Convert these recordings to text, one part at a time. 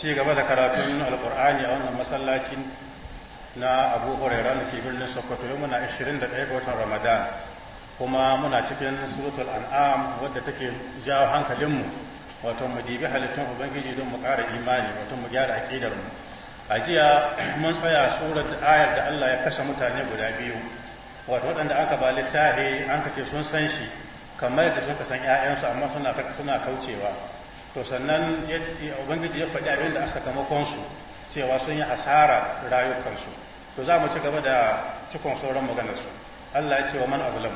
ci gaba da karatun alkur'ani a wannan masallacin na abu huraira da ke birnin sokoto yau muna 21 ga watan ramadan kuma muna cikin suratul an'am wadda take jawo hankalinmu wato mu dibi halittun ubangiji don mu ƙara imani wato mu gyara aƙidar mu a jiya mun tsaya surar ayar da Allah ya kashe mutane guda biyu wato waɗanda aka ba littafi an kace sun san shi kamar da suka san 'ya'yansu amma suna kaucewa to sannan ubangiji ya faɗi abin da a sakamakonsu cewa sun yi asara rayukansu to za mu ci gaba da cikon sauran maganarsu allah ya ce wa man azlam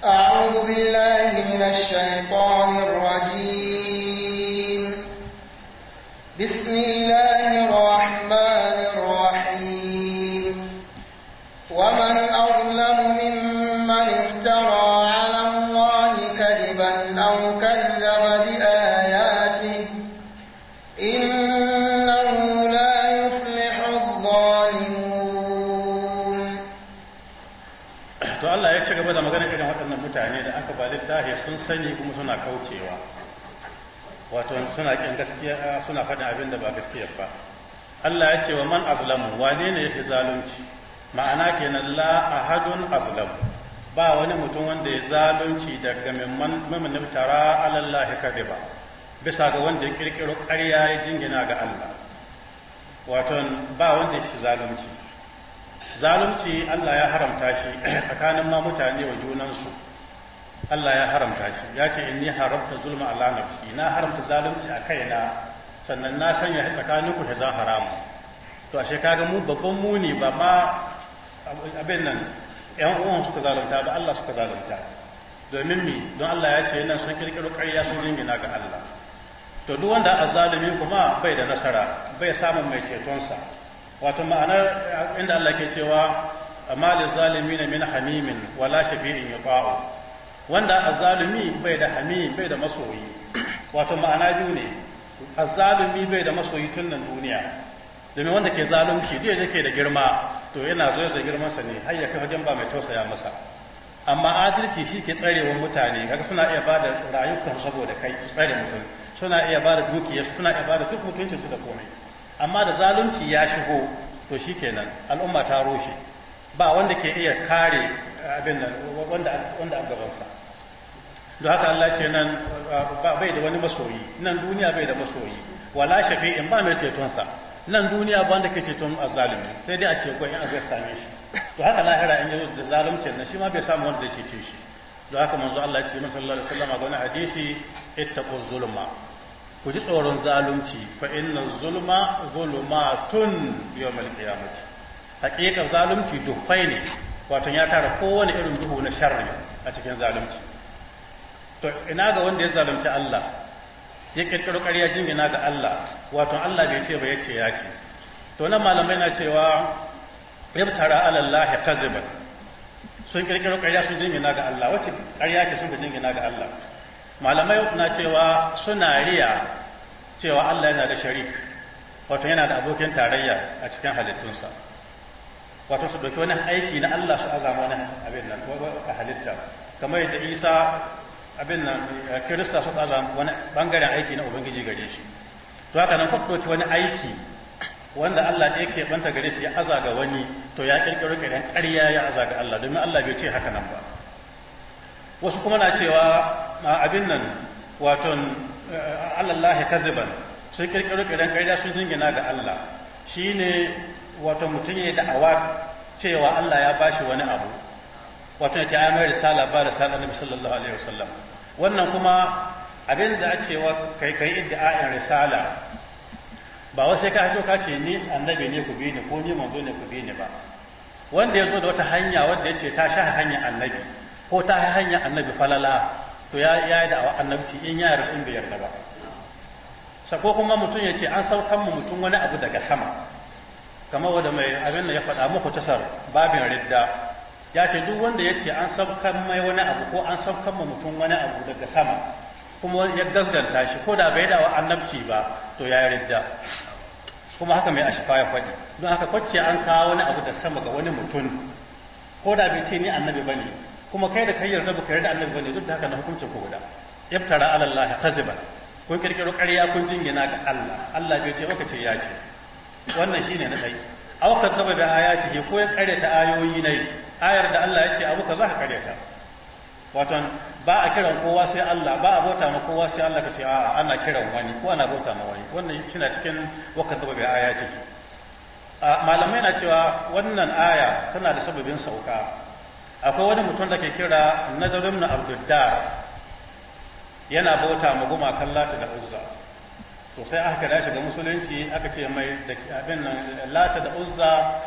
أعوذ بالله من الشيطان الرجيم بسم الله الرحمن الرحيم ومن أظلم ممن افترى mutane da aka ba littafi sun sani kuma suna kaucewa wato suna kin gaskiya suna faɗin abin da ba gaskiya ba Allah ya ce wa man azlamu wane ne yake zalunci ma'ana kenan la ahadun azlamu ba wani mutum wanda ya zalunci daga mimman mimman tara alallahi kadiba bisa ga wanda ya kirkiro ƙarya ya jingina ga Allah wato ba wanda ya shi zalunci zalunci Allah ya haramta shi tsakanin ma mutane wa junansu Allah ya haramta shi ya ce inni haramta zulma ala nafsi na haramta zalunci a kaina sannan na sanya shi tsakanin ku zan haramu to ashe kaga mu babban muni ba ma abin nan yan uwan suka zalunta ba Allah suka zalunta domin mi don Allah ya ce yana son kirkiro ƙarya sun jingina ga Allah to duk wanda azzalumi kuma bai da nasara bai samun mai cetonsa wato ma'anar inda Allah ke cewa zalumi na min hamimin wala shafi'in yuta'u wanda azalumi bai da hami bai da masoyi wato ma'ana biyu ne azalumi bai da masoyi tun nan duniya domin wanda ke zalunci duk da ke da girma to yana zo girman girmansa ne har ya kai wajen ba mai tausaya masa amma adalci shi ke tsarewa mutane kaga suna iya ba da rayukan saboda kai tsare mutum suna iya ba da dukiya suna iya ba da duk mutuncin su da komai amma da zalunci ya shigo to shi kenan al'umma ta rushe ba wanda ke iya kare abin nan wanda a gabansa don haka Allah ce nan bai da wani masoyi nan duniya bai da masoyi wala shafi'in ba mai cetonsa nan duniya ba wanda ke ceton azzalimi sai dai a ce ko in aka same shi to haka lahira in yazo da zalimcin nan shi ma bai samu wanda zai cece shi don haka manzo Allah ya ce masa sallallahu alaihi wasallam ga wani hadisi ittaqu zulma ku ji tsoron zalunci fa inna zulma zulumatun yawmal qiyamati haƙiƙar zalunci duhai ne wato ya tara kowane irin duhu na sharri a cikin zalunci to ina ga wanda ya zalunci Allah ya kirkiro ƙarya jingina ga Allah wato Allah bai ce ba ya ce ya ce to nan malamai na cewa ibtara ala Allah kaziban sun kirkiro ƙarya sun jingina ga Allah wacce ƙarya ce sun jingina ga Allah malamai na cewa suna riya cewa Allah yana da sharik wato yana da abokin tarayya a cikin halittunsa wato su ɗauki wani aiki na Allah su azama wani abin nan a halitta kamar yadda Isa abin nan eh, kirista su tsaza wani bangaren aiki na ubangiji gare shi to haka nan ki wani aiki wanda Allah ɗaya ke banta gare shi ya aza ga wani to ya ƙirƙiro ƙiran ƙarya ya aza ga Allah domin Allah bai ce haka nan ba wasu kuma na cewa abin nan waton eh, Allah kaziban sun ƙirƙiro ƙiran ƙarya sun jingina ga Allah shine wato mutum ya da'awa cewa Allah ya bashi wani abu wato ya ce ayyamar risala ba risala Annabi sallallahu alaihi wasallam wannan kuma abin da a cewa kai kai iddia'in risala ba wasu ka hito ka ce ni annabi ne ku bi ko ni manzo ne ku bi ba wanda ya zo da wata hanya wanda ya ce ta sha hanya annabi ko ta hanya annabi falala to ya yi da annabci in ya yarda in bai yarda ba sako kuma mutum ya ce an saukan mu mutum wani abu daga sama kamar wanda mai abin da ya faɗa muku tasar babin ridda ya ce duk wanda ya ce an saukan mai wani abu ko an saukan ma mutum wani abu daga sama kuma ya gasganta shi ko da bai dawa annabci ba to ya ridda kuma haka mai ashifa ya faɗi don haka kwacce an kawo wani abu da sama ga wani mutum ko da bai ce ni annabi bane kuma kai da kai yarda baka yarda annabi bane duk da haka na hukuncin ku guda iftara ala Allah kaziban kun kirkiro ƙarya kun jingina ga Allah Allah bai ce baka ce ya ce wannan shine na ɗai aukar zaba da ayatihi ko ya karyata ayoyi ne ayar da Allah ya ce abu za ka karyata wato ba a kiran kowa sai Allah ba a bauta ma kowa sai Allah ka ce a'a ana kiran wani ko ana bauta ma wani wannan shi cikin wakan da bai aya take malamai na cewa wannan aya tana da sababin sauka akwai wani mutum da ke kira nazarin na abduddar yana bauta ma gumakan lata da uzza to sai aka kira shi ga musulunci aka ce mai da abin nan lata da uzza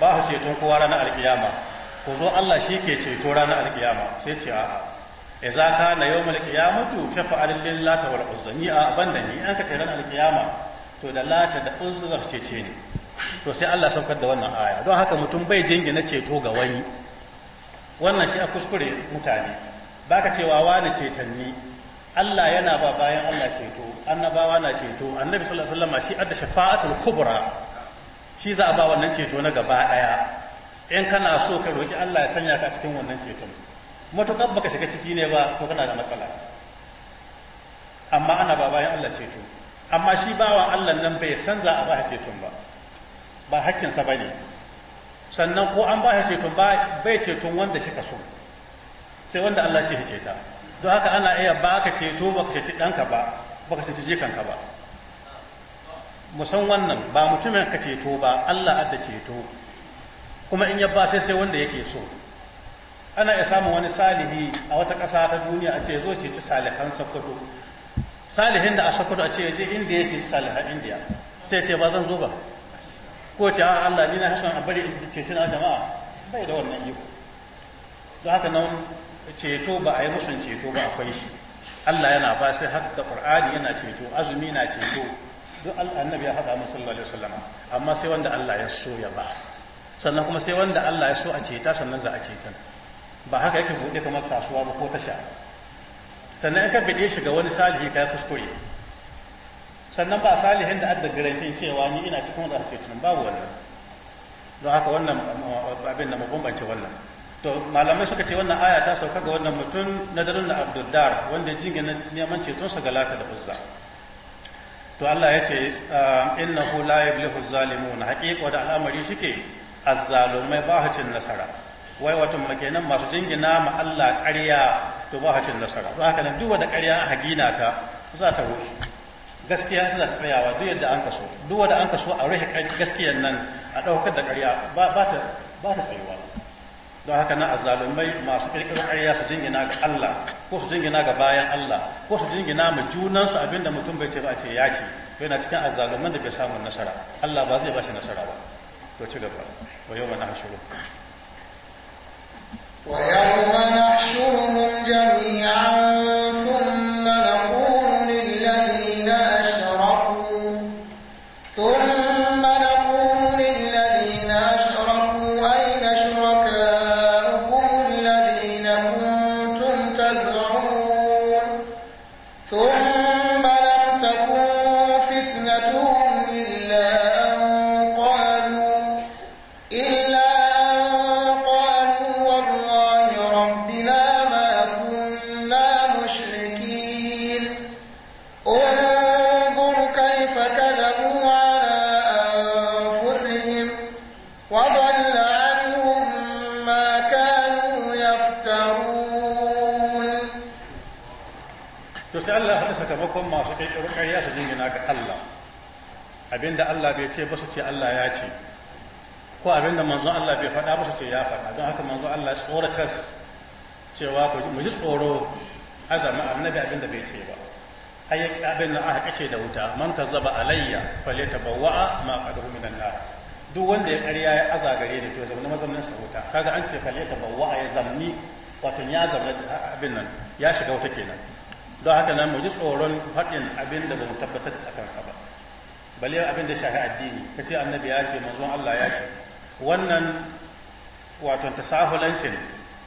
ba su ceton kowa ranar alkiyama Ko zo Allah shi ke ceto ranar alkiyama sai ce a'a idza kana yawmul mutu? shafa'al lil lata wal a banda ni an ka tayar alkiyama to da lata da uzza cece ne to sai Allah saukar da wannan aya don haka mutum bai jingina ceto ga wani wannan shi a kuskure mutane baka cewa wani cetanni Allah yana ba bayan Allah ceto annabawa na ceto annabi sallallahu alaihi wasallam shi adda shafa'atul kubra shi za a ba wannan ceto na gaba daya in kana so ka roki Allah ya sanya ka cikin wannan ceton matuƙar baka shiga ciki ne ba to kana da matsala amma ana ba bayan Allah ceto amma shi bawan Allah nan bai san za a ba ceton ba ba hakkinsa ba ne sannan ko an ba shi ceton bai ceton wanda shi ka so sai wanda Allah ce ceta don haka ana iya ba ka ceto ba ka ceci ɗanka ba ba ka ceci jikanka ba musan wannan ba mutumin ka ceto ba Allah adda ceto kuma in ya ba sai sai wanda yake so ana iya samun wani salihi a wata ƙasa ta duniya a ce zo ce ceci salihan sokoto salihin da a sokoto a ce je inda ya ceci salihan indiya sai ce ba zan zo ba ko ce a allah ni na hasan a bari in ceci na jama'a bai da wannan iko don haka nan ceto ba a yi musun ceto ba akwai shi allah yana ba sai har da qur'ani yana ceto azumi na ceto duk annabi ya haɗa musu sallallahu alaihi wasallama amma sai wanda allah ya so ya ba sannan kuma sai wanda Allah ya so a ceta sannan za a ceta ba haka yake buɗe kamar kasuwa ba ko tasha sannan in ka bide shi ga wani salihi ka kuskure sannan ba salihin da adda garantin cewa ni ina cikin wanda ake tunan babu wannan don haka wannan uh, abin da mabambance wannan to malamai suka ce wannan aya ta sauka ga wannan mutum na dalilin da abduldar wanda jingina neman cetonsa ga lata da buzza to Allah ya ce uh, innahu la yablihu zalimun haqiqa da al'amari shike azzalumai ba cin nasara wai watan makenan masu jingina ma Allah ƙarya to ba cin nasara don haka nan duwa da ƙarya a hagina ta za ta rushe gaskiya tana ta tsayawa duk yadda an kaso duwa da an kaso a rufe gaskiyan nan a ɗaukar da ƙarya ba ta ba ta tsayuwa don haka nan azzalumai masu ƙirƙirar ƙarya su jingina ga Allah ko su jingina ga bayan Allah ko su jingina ma junansu abinda mutum bai ce ba a ce ya ce to yana cikin azzalumai da bai samu nasara Allah ba zai ba shi nasara ba to ci gaba ويوم نحشرهم ويوم نحشرهم جميعا وضل عنهم ما كانوا يفترون sakamakon masu kirkiro ƙarya su jingina ga Allah abinda Allah bai ce ba su ce Allah ya ce ko abinda manzon Allah bai faɗa ba su ce ya faɗa don haka manzon Allah ya tsoratas cewa mu ji tsoro azama annabi abinda bai ce ba ai abin da aka kace da wuta man kazzaba alayya falyatabawa ma qadahu minan nar duk wanda ya ƙarya ya aza gare ni to zaune mazaunin sarauta kaga an ce falle ta a ya zamni wato ya zamna abin nan ya shiga wata kenan don haka nan mu ji tsoron faɗin abin da ba mu tabbatar a kansa ba bale abin da shafi addini ka ce annabi ya ce manzon Allah ya ce wannan wato tasahulancin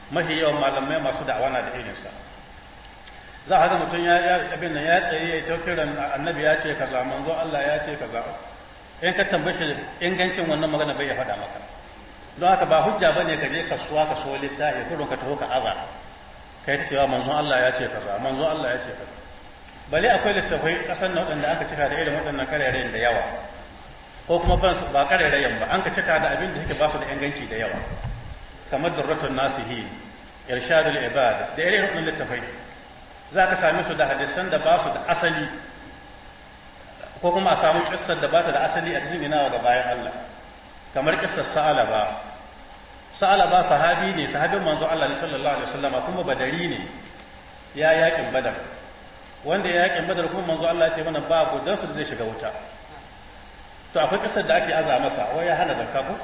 mafi yawan malamai masu da'awa na da irinsa za a ga mutum ya abin nan ya tsaye ya yi kiran annabi ya ce kaza manzon Allah ya ce kaza in ka tambaye shi ingancin wannan magana bai ya faɗa maka don haka ba hujja bane ka je kasuwa ka soli so littafi kudin ka taho ka aza ka yi ta cewa manzon Allah ya ce kaza manzon Allah ya ce kaza bale akwai littafai kasan na waɗanda aka cika da irin waɗannan karerayen da yawa ko kuma ban ba karerayen ba an ka cika da abin da yake ba su da inganci da yawa kamar durratun nasihi irshadul ibad da irin waɗannan littafai za ka same su da hadisan da ba su da asali ko kuma a samu kissar da bata da asali a cikin inawa ga bayan Allah kamar kissar sa'alaba sa'alaba sahabi ne sahabin manzo Allah ne sallallahu alaihi wasallam kuma badari ne ya yakin badar wanda ya yakin badar kuma manzo Allah ya ce mana ba gudan su zai shiga wuta to akwai kissar da ake aza masa wai ya hana zakka ko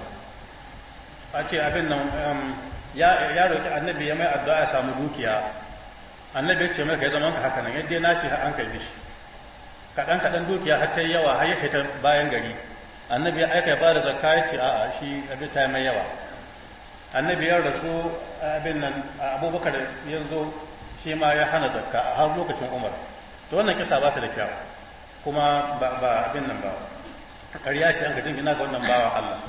a ce abin nan um, ya roki annabi ya mai addu'a ya samu dukiya annabi ya ce mai kai zaman ka haka nan yadda na shi an kai shi kaɗan kaɗan dukiya har ta yawa har ya fita bayan gari annabi ya aika ba da zakka ya ce a'a shi abin ta mai yawa annabi ya rasu abin nan abubakar ya zo shi ma ya hana zakka a har lokacin umar to wannan kisa ba ta da kyau kuma ba abin nan ba ƙarya ce an gajin gina ga wannan bawa Allah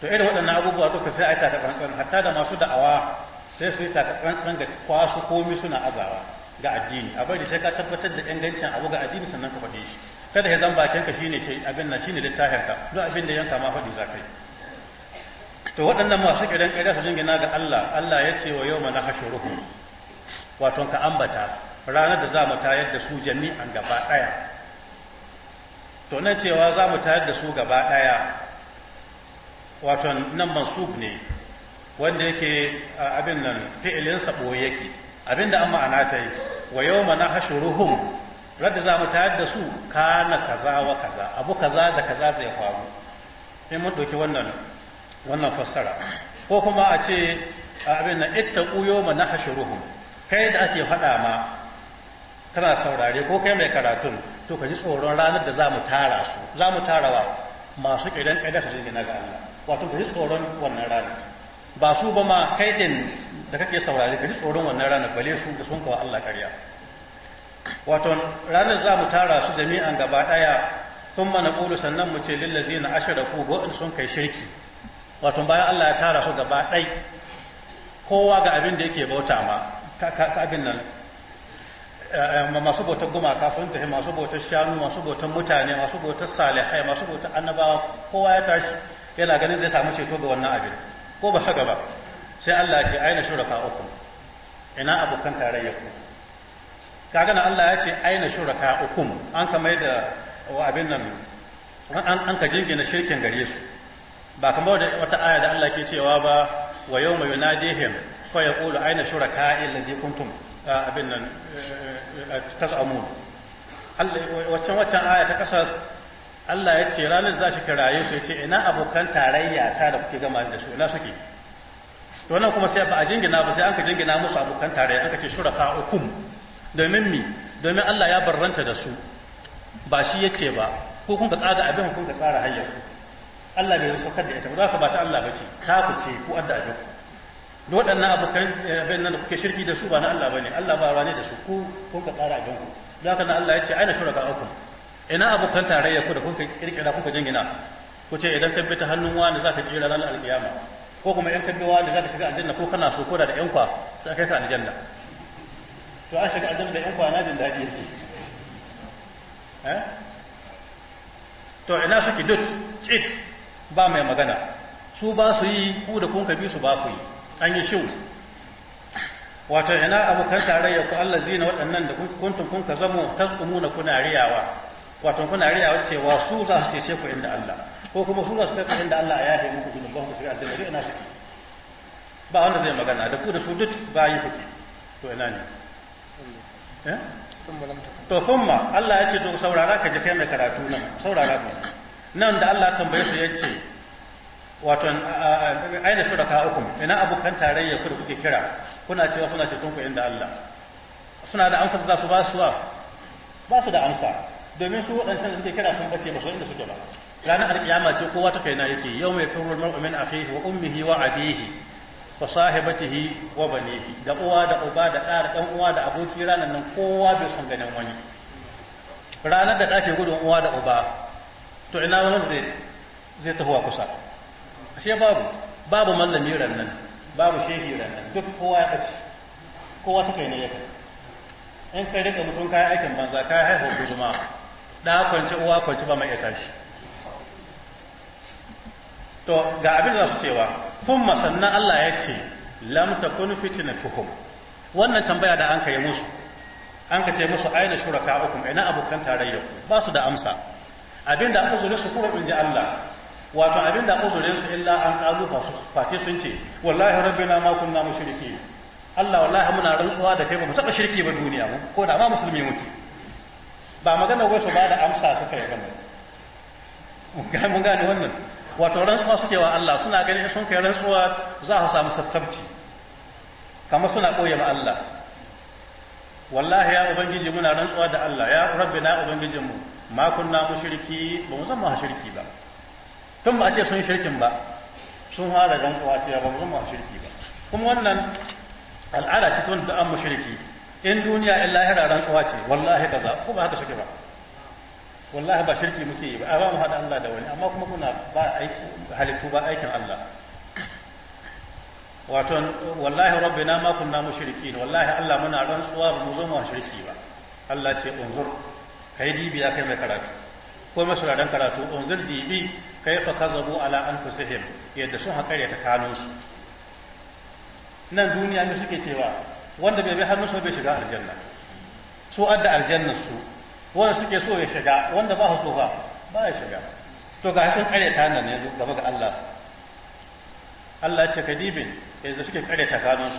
to irin waɗannan abubuwa duka sai a yi takatsantsan hatta da masu da'awa sai su yi takatsantsan ga kwasu komi suna azawa ga addini a bari sai ka tabbatar da ingancin abu ga addini sannan ka faɗe shi kada ya zan bakinka shine shi abin nan shine littafin ka duk abin da yanka ma faɗi za ka to waɗannan masu kiran ƙarya su jingina ga Allah Allah ya ce wa yau mana hashuruhu wato ka ambata ranar da za mu tayar da su jami'an gaba ɗaya to nan cewa za mu tayar da su gaba ɗaya wato nan mansub ne wanda yake abin nan fi'ilinsa ɓoye yake abinda an ma'ana ta yi wa yau mana hashuruhum radda za mu tayar da su kana kaza wa kaza abu kaza da kaza zai faru Sai mun ɗauki wannan fassara ko kuma a ce abin na ittaqu yawma nahshuruhum kai da ake faɗa ma kana saurare ko kai mai karatun to ka ji tsoron ranar da za mu tara su za mu tara wa, masu ƙidan kaida su jirgin ga Allah wato ka ji tsoron wannan ranar ba su ba ma kai da kake saurare ka ji tsoron wannan ranar bale su da sun kawo Allah ƙarya Waton ranar za mu tara su jami'an gaba ɗaya sun mana ƙulu sannan mu ce lillazi na ashirar ku ga sun kai shirki Waton bayan Allah ya tara su gaba ɗai kowa ga abin da yake bauta ma ka abin nan eh, masu bautar gumaka sun tafi masu bautar shanu masu bautar mutane masu bautar salihai masu bautar annabawa kowa ya tashi yana ganin zai samu ceto ga wannan abin ko ba haka ba sai Allah ya ce aina shuraka uku ina abokan tarayya ku kaga na Allah ya ce aina shuraka uku an ka mai da abin nan an ka jingina shirkin gare su ba kamar wata aya da Allah ke cewa ba wa yawma yunadihim fa yaqulu aina shuraka alladhi kuntum abin nan tas'amun waccan waccan aya ta kasa Allah ya ce ranar za shi kiraye su ya ce ina abokan tarayya ta da kuke gama da su ina suke to nan kuma sai ba a jingina ba sai an ka jingina musu abokan tare an ka ce shuraka hukum domin mi domin Allah ya barranta da su ba shi ya ce ba ko kun ka tsaga abin kun ka tsara hanyar Allah bai saukar da ita ba ka ba ta Allah ba ce ka ku ce ku adda abin da waɗannan abokan eh, abin nan da kuke shirki da su ba na Allah ba ne Allah ba rane ne da su ku kun ka tsara abin ku don haka na Allah ya ce aina shuraka hukum ina abokan tarayya ku da kun ka kirkira kun ka jingina ku ce idan tabbata hannun wani za ka tsira ranar alkiyama ko kuma yan kabewa da za ka shiga aljanna ko kana so ko da yan kwa sai kai ka aljanna to an shiga aljanna da yan kwa na jin daɗi yake eh? to ina suke dut cit ba mai magana su ba su yi ku da kun bi su ba ku yi an yi shiwu wato ina abokan tarayya ku Allah zina waɗannan da kuntum kun ka zamo tasqumuna kuna riyawa wato kuna riyawa cewa su za su cece ku inda Allah ko kuma suna su kai da Allah ya yafe muku zunuban ba su shiga aljanna ina shi ba wanda zai magana da ku da su duk yi kuke to ina ne eh? to thumma Allah ya ce to saurara ka je kai mai karatu nan saurara ka nan da Allah tambaye su ya ce wato aina shuraka uku ina kan tarayya ku da kuke kira kuna cewa suna ce ku inda Allah suna da amsar za su ba su ba su da amsa domin su waɗancan da suke kira sun bace ba su inda suke ba ranar alkiyama ce kowa ta kaina yake yau mai firar mar'umin min akhihi wa ummihi wa abihi wa sahibatihi wa banihi da uwa da uba da ɗa da ɗan uwa da aboki ranar nan kowa bai son ganin wani ranar da ɗake gudun uwa da uba to ina wani zai zai tahowa kusa ashe babu babu mallami ran nan babu shehi ran nan duk kowa ya ɓace kowa ta kai ne ya in kai rika mutum kayan aikin banza kayan haihuwar guzuma ɗa kwance uwa kwance ba mai iya tashi to ga abin da za su cewa fun masannan Allah ya ce kun fitina tuhum wannan tambaya da an kai musu an ka ce musu aina hukum ina abokan tarayya ba su da amsa abin da aka uzurin su kuma ji Allah wato abin da aka uzurin su illa an kalu fate sun ce wallahi rabbina ma kunna mushriki Allah wallahi muna rantsuwa da kai ba mu taba shirki ba duniya mu ko da ma musulmi muke ba magana wai su ba da amsa suka yi ba mun gane wannan wato rantsuwa suke wa Allah suna ganin sun kai rantsuwa za su samu sassabci kamar suna ɓoye ma Allah wallahi ya ubangiji muna rantsuwa da Allah ya rabbi na ubangijinmu ma kunna mushriki ba mu zama shirki ba tun ba a ce sun shirkin ba sun fara rantsuwa cewa ba mu zama shirki ba kuma wannan al'ada ce tun da an mushriki in duniya in lahira rantsuwa ce wallahi kaza ko ba haka suke ba wallahi ba shirki muke yi ba a ba mu haɗa Allah da wani amma kuma kuna ba halittu ba aikin Allah wato wallahi na ma kunna mushrikin wallahi Allah muna rantsuwa ba mu zo mu shirki ba Allah ce unzur kai dibi ya kai mai karatu ko mai masauraran karatu unzur dibi kaifa kazabu ala anfusihim yadda sun haƙare ta kano su nan duniya ne suke cewa wanda bai bi hannun su bai shiga aljanna su adda aljanna su wanda suke so ya shiga wanda ba so ba ba ya shiga to ga sun ta nan ne gaba ga Allah Allah ce kadibin yanzu suke ta kanun su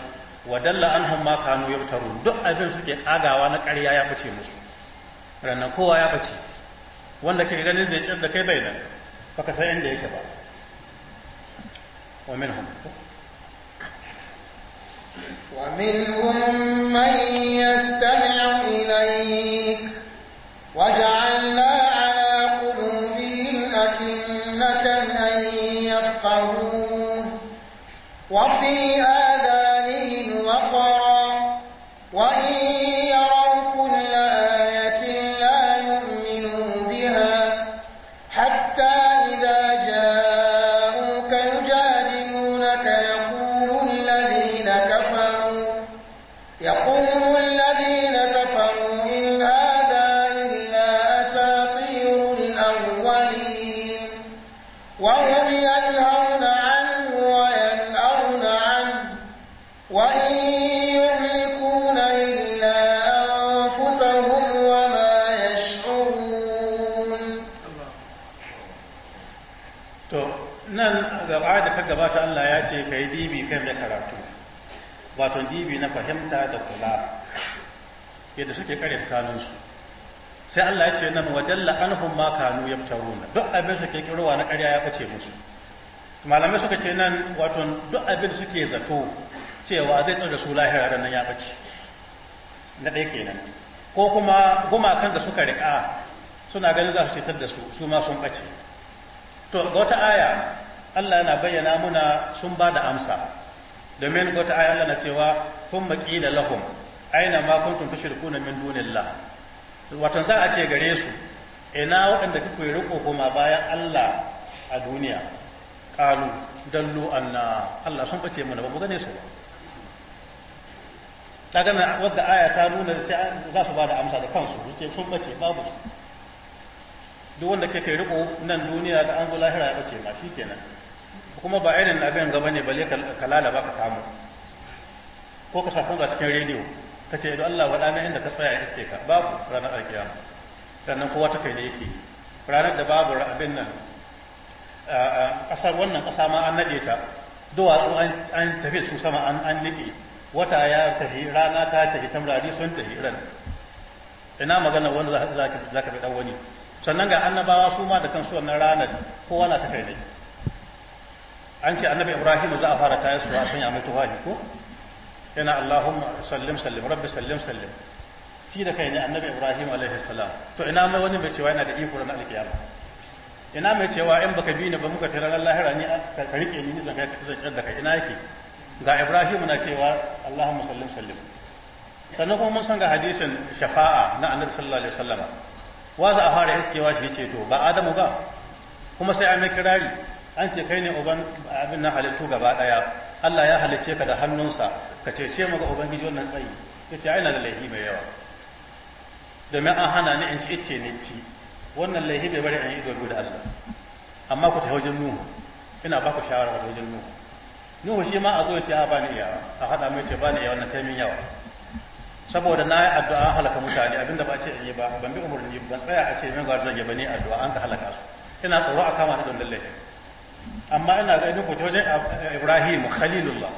wa dalla anhum ma kanu yabtaru duk abin suke kagawa na ƙarya ya fice musu rannan kowa ya fice wanda kake ganin zai ciyar da kai bai nan baka san inda yake ba wa minhum minhum man yastami'u ilayk وجعلنا على قلوبهم أكنة أن يفقهوه وفي gabata Allah ya ce ka yi dibi kai mai karatu wato dibi na fahimta da kula yadda suke karyata kanunsu sai Allah ya ce nan wadalla anhum ma kanu runa duk abin suke kirowa na karya ya ɓace musu malamai suka ce nan wato duk abin suke zato cewa zai tsar da su lahira da nan ya ɓace na ɗaya kenan ko kuma gumakan da suka riƙa suna ganin za su cetar da su su ma sun bace to ga wata aya Allah na bayyana muna sun ba da amsa domin wata aya Allah na cewa kun da lahum aina ma kuntum tushrikuna min dunillah wato za a ce gare su ina waɗanda kuke riko kuma bayan Allah a duniya qalu dallu anna Allah sun bace mana ba mu gane su ba kaga na wadda aya ta nuna sai za su ba da amsa da kansu su sun bace babu su duk wanda kai riko nan duniya da an zo lahira ya bace ma shikenan kuma ba irin abin gaba ne balle ka lalaba ka kamo ko ka shafin ga cikin rediyo ka ce don Allah waɗa mai inda ka tsaya iske ka babu ranar alkiyama sannan kowa ta kai da yake ranar da babu abin nan ƙasar wannan ƙasa ma an naɗe ta duwatsu an tafi su sama an niƙe wata ya tafi rana ta tafi tamrari sun tafi ran ina magana wanda za ka fi ɗan wani sannan ga annabawa su ma da kansu wannan ranar kowa na ta kai ne an ce annabi ibrahim za a fara tayar su a sanya mai tufafi ko yana allahumma sallim sallim rabbi sallim sallim shi da kai ne annabi ibrahim alaihi salam to ina mai wani mai cewa yana da iko na alkiyama ina mai cewa in baka bi ni ba muka tare ran lahira ni ka rike ni zan kai zan tsar da kai ina yake ga ibrahim na cewa allahumma sallim sallim sannan kuma mun san ga hadisin shafa'a na annabi sallallahu alaihi wasallama wa za a fara iskewa shi ce to ba adamu ba kuma sai an mai kirari an ce kai ne uban abin na halittu gaba daya Allah ya halice ka da hannunsa ka cece mu ga ubangiji wannan tsayi ya ce aina da laihi mai yawa domin an hana ni in ci ice ni ci wannan laihi bai bari an yi dogo da Allah amma ku ta wajen nuhu ina ba ku shawara ku wajen nuhu nuhu shi ma a zo ce a ba ni iyawa a haɗa mai ce ba ni yawa na taimin yawa saboda na yi addu'a halaka mutane abinda ba ce in yi ba ban bi umarni ban tsaya a ce min gwarzage ba ni addu'a an ka halaka su ina tsoro a kama ni don lallai amma ina ga ku wajen ibrahim khalilullah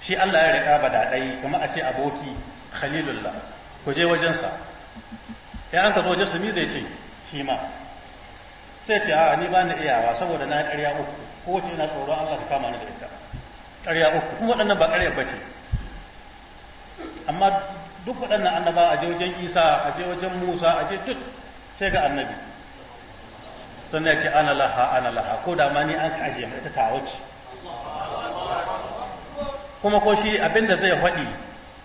shi allah ya riƙa ba daɗai kuma a ce aboki khalilullah ku je wajensa ya an ka zo wajen sulmi zai ce shi ma sai ce a ni ba ni iyawa saboda na ƙarya uku Ko ce ina tsoron allah ta kama ni da ita ƙarya uku kuma waɗannan ba ƙarya bace amma duk waɗannan annaba a je wajen isa a je wajen musa a je duk sai ga annabi sannan ya ce ana laha ana laha ko da ma ni an ka ajiye mai ta wuce kuma ko shi abinda zai faɗi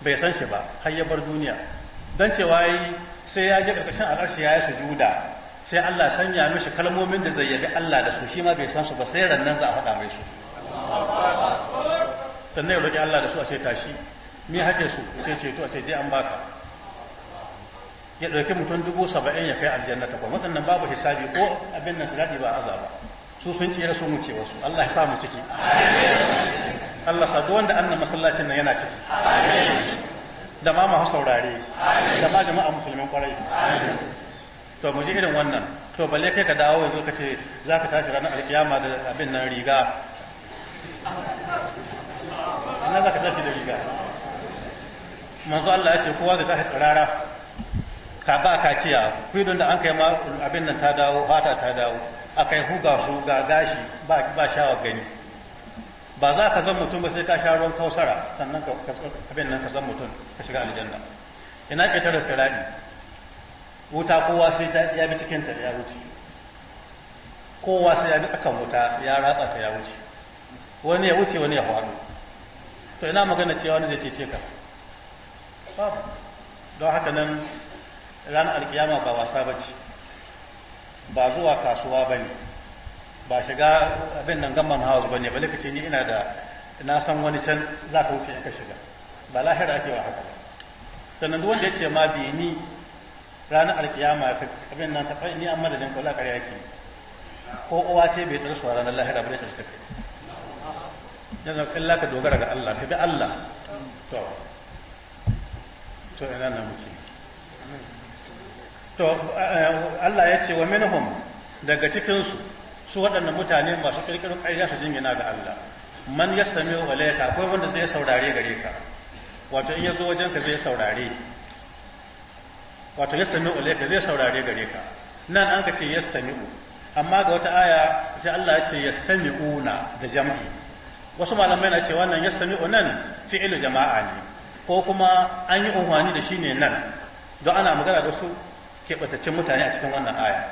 bai san shi ba har ya bar duniya don cewa yi sai ya je ƙarƙashin al'arshi ya yi juda sai Allah sanya mishi kalmomin da zai yabi Allah da su shi ma bai san su ba sai rannan za a faɗa mai su sannan ya roƙi Allah da su a ce tashi mi hake su sai ce to a ce je an baka ya ɗauki mutum dubu saba'in ya kai aljanna ta kwan waɗannan babu hisabi ko abin nan shiradi ba azaba su sun tsira su mu ce wasu Allah ya sa mu ciki Allah sa duk wanda annan masallacin nan yana ciki da ma masu saurare da ma jama'a musulmin kwarai to mu ji irin wannan to balle kai ka dawo yanzu ka ce za ka tashi ranar alkiyama da abin nan riga ina za ka tashi da riga manzo Allah ya ce kowa ta tashi tsirara ka ba kaciya fidon da an kai ma abin nan ta dawo fata ta dawo akai huga su ga gashi ba ba shawa gani ba za ka zan mutum ba sai ka sha ruwan kausara sannan ka abin nan ka zan mutum ka shiga aljanna ina tare sirani wuta kowa sai ya bi cikin ta ya wuce kowa sai ya bi tsakan wuta ya ratsa ta ya wuce wani ya wuce wani ya faru to ina magana cewa wani zai cece ka don haka nan ranar alkiyama ba wasa ba ce ba zuwa kasuwa ba ne ba shiga abin nan gamman house ba ne ba lokaci ni ina da na san wani can za ka wuce in ka shiga ba lahira ake wa haka sannan duk wanda ya ce ma bi ni ranar alkiyama abin nan tafai ni an madadin kula kare yake ko uwa ce bai tsar suwa ranar lahira ba ne shi ta kai yanzu kalla ka dogara ga Allah ka bi Allah to to ina nan muke to eh, Allah ya ce wa minhum daga cikinsu su waɗannan mutane masu ƙirƙirar ƙarya su jingina ga Allah man yastami wa laika akwai wanda zai saurare gare ka wato in ya zo wajen ka zai saurare wato yastami wa laika zai saurare gare ka nan an ka ce yastami'u amma ga wata aya sai Allah ya ce yastami'una da jam'i wasu malamai na ce wannan yastami'u nan fi'ilu jama'a ne ko kuma an yi unhwani da shi ne nan don ana magana da su keɓataccen mutane a cikin wannan aya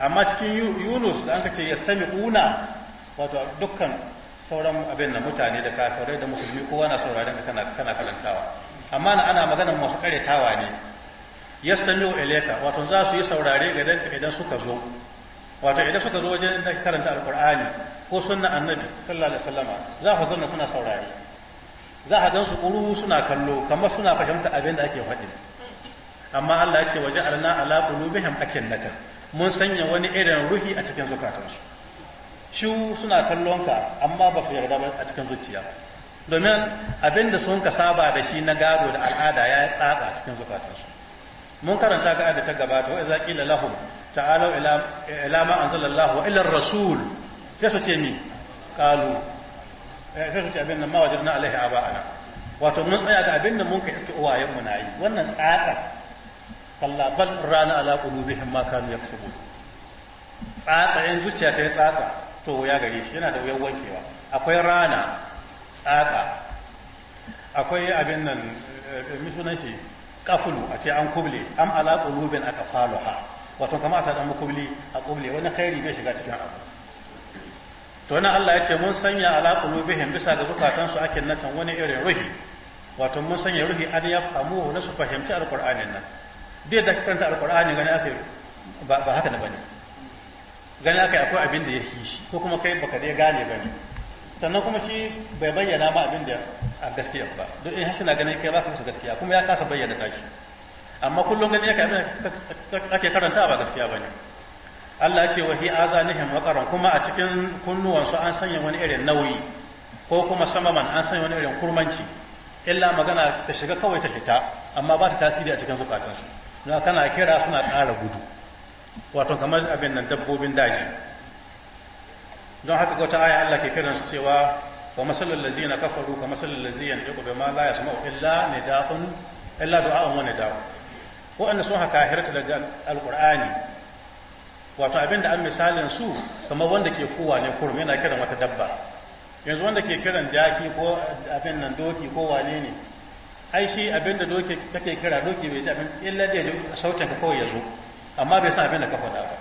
amma cikin yunus da an ka ce ya sami una wato dukkan sauran abin da mutane da kafirai da musulmi kowa na sauraron ka kana karantawa amma na ana magana masu karyatawa ne Ya yastami'u Eleka, wato za su yi saurare ga danka idan suka zo wato idan suka zo wajen da karanta alkur'ani ko sunna annabi sallallahu alaihi wasallama za ku zanna suna saurare za ka gansu kuru suna kallo kamar suna fahimta abin da ake faɗi amma Allah ya ce waje alna ala qulubihim akinnatan mun sanya wani irin ruhi a cikin zukatansu shi suna kallon ka amma ba su yarda ba a cikin zuciya domin abinda sun ka saba da shi na gado da al'ada ya yi tsatsa a cikin zukatansu mun karanta ga da ta gabata wa idza qila lahum ta'alu ila ila ma anzalallahu wa ila rasul sai su ce mi qalu eh, sai su ce abin nan ma wajadna alaihi aba'ana wato mun tsaya ga abin da mun ka iske uwayen mu yi wannan tsatsa kalla bal rana ala qulubihim ma kanu yaksubun tsatsa in zuciya ta yi tsatsa to wuya gare shi yana da wuyan wankewa akwai rana tsatsa akwai abin nan eh, eh, misunan shi kafulu a ce an kuble am ala qulubin aka faluha wato kamar sa dan kubli a kuble wani khairi bai shiga cikin abu to nan Allah ya ce mun sanya ala qulubihim bisa ga zukatan su ake natan wani irin ruhi wato mun sanya ruhi an ya famu na su fahimci alqur'anin nan duk da karanta alkur'ani gani aka ba haka na bane gani aka akwai abin da ya yi shi ko kuma kai baka dai gane bane sannan kuma shi bai bayyana ma abin da a gaskiya ba don in hashi na gani kai ba ka musu gaskiya kuma ya kasa bayyana tashi amma kullum gani yake abin ake karanta ba gaskiya bane Allah ya ce wa hi azanihim waqaran kuma a cikin kunnuwansu an sanya wani irin nauyi ko kuma samaman an sanya wani irin kurmanci illa magana ta shiga kawai ta fita amma ba ta tasiri a cikin zukatansu na kana kira suna ƙara gudu wato kamar abin nan dabbobin daji don haka wata aya Allah ke kiransu cewa wa masalul lazina kafaru ka masalul lazina yaqu bima la yasma'u illa nida'un illa du'a'un wa nida'un an sun haka hirata daga alqur'ani wato abin da an misalin su kamar wanda ke kowa ne kurum yana kiran wata dabba yanzu wanda ke kiran jaki ko abin nan doki ko wane ne ai shi abin da doki take kira doki bai ci abin illa da ji sautin ka kawai ya zo amma bai san abin da ka faɗa ba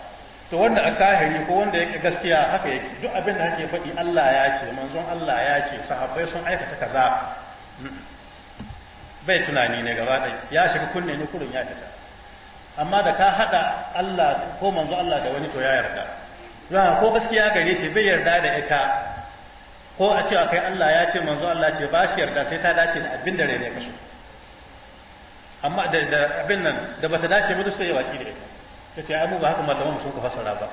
to wanda a kahiri ko wanda ya gaskiya haka yake duk abin da hake faɗi Allah ya ce manzon Allah ya ce sahabbai sun aikata kaza bai tunani ne gaba ɗaya ya shiga kunne ne kurin ya fita amma da ka haɗa Allah ko manzon Allah da wani to ya yarda don ko gaskiya gare shi bai yarda da ita ko a ce akai Allah ya ce manzo Allah ce ba shi yarda sai ta dace da abin da rai ne kaso amma da abin nan da bata dace ba sai yawa shi da ita ta ce ai mu ba haka malaman mu sun ku fasara ba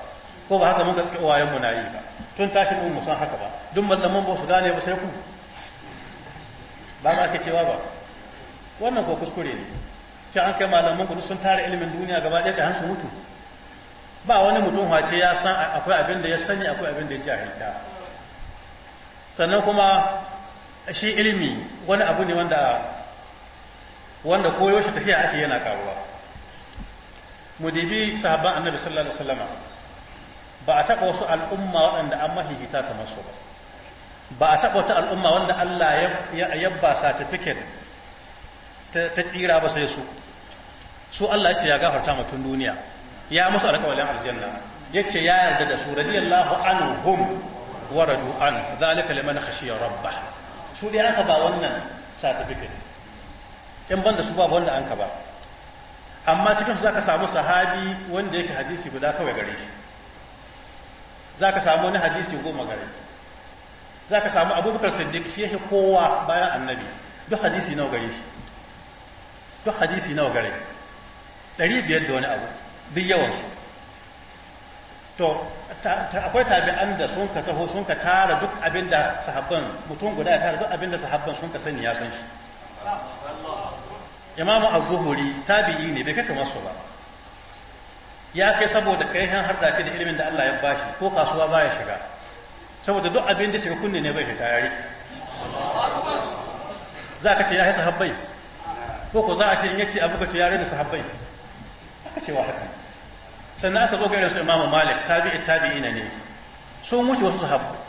ko ba haka mun gaske uwayen mu na yi ba tun tashin mu san haka ba duk malaman ba su gane ba sai ku ba ma ake cewa ba wannan ko kuskure ne ce an kai malaman ku sun tara ilimin duniya gaba ɗaya ka hansu mutu ba wani mutum wace ya san akwai abin da ya sani akwai abin da ya jahilta sannan kuma shi ilimi wani abu ne wanda wanda koyaushe tafiya ake yana karuwa mu dibi sahabban annabi sallallahu alaihi wasallama ba a taɓa wasu al'umma waɗanda an mahihita kamar su ba ba a taɓa wata al'umma wanda Allah ya yabba certificate ta tsira ba sai su su Allah ce ya gafarta tun duniya ya musu alƙawalin aljanna ya ce ya yarda da su radiyallahu anhum wa radu an zalika liman khashiya rabbah su dai aka ba wannan certificate in ban da su babu wanda an ka ba amma cikin su za ka samu sahabi wanda yake hadisi guda kawai gare shi za ka samu wani hadisi goma gare za ka samu abubakar siddiq shi yake kowa bayan annabi duk hadisi nawa gare shi duk hadisi nawa gare ɗari biyar da wani abu duk yawansu to akwai tabi'an da sun ka taho sun ka tara duk abin da sahabban mutum guda ya tara duk abin da sahabban sun ka sani ya san shi imamu az-zuhuri tabi'i ne bai kaka masu ba ya kai saboda kai han harda ce da ilimin da Allah ya bashi ko kasuwa baya shiga saboda duk abin da shiga kunne ne bai fita yare za ka ce ya yi sahabbai ko ko za a ce in yace abu ka ce yare da sahabbai aka ce wa haka sannan aka zo ga irin su imamu malik tabi'i tabi'ina ne sun wuce wasu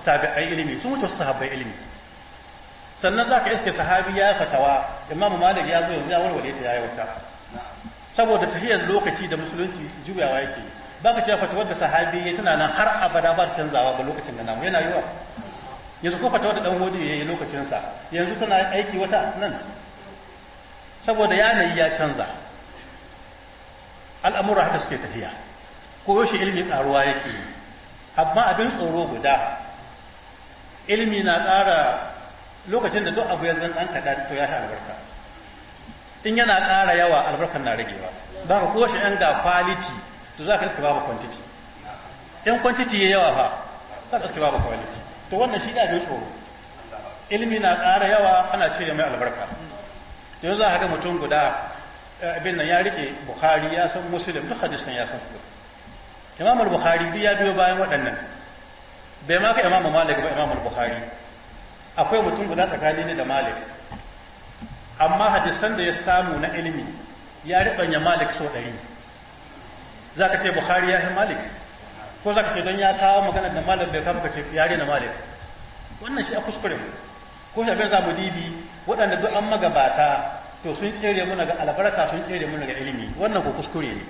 sahabbai ilimi sun wuce wasu sahabbai ilimi sannan za ka iske sahabi ya fatawa imamu malik ya zo yanzu ya warware ta ya wata wuta saboda tahiyar lokaci da musulunci juyawa yake ba ka cewa fatawar da sahabi ya tana nan har abada ba canzawa ba lokacin da namu yana yiwa yanzu ko fatawar da dan hodi ya yi lokacinsa yanzu tana aiki wata nan saboda yanayi ya canza al'amura haka suke tahiya. ko shi ilmi karuwa yake amma abin tsoro guda Ilimi na ƙara lokacin da duk abu ya zan dan kaɗan to ya shi albarka in yana ƙara yawa albarkar na ragewa ba ka kowace yan ga quality to za ka iska babu quantity yan quantity ya yawa fa za ka iska babu quality to wannan shi da tsoro ilimi na ƙara yawa ana ya mai albarka to yanzu za ga mutum guda eh, abin nan ya rike bukhari ya san muslim duk hadisan ya san su imamul Bukhari bukhari ya biyo bayan waɗannan bai ma ka imam malik ba imamul bukhari akwai mutum guda tsakani ne da malik amma hadisan da ya samu na ilimi ya riɓanya malik sau ɗari za ka ce bukhari ya yi malik ko za ka ce don ya kawo magana da malik bai kama ka ce ya na malik wannan shi a kuskure ko shafin za mu dibi waɗanda duk an magabata to sun tsere muna ga albarka sun tsere muna ga ilimi wannan ko kuskure ne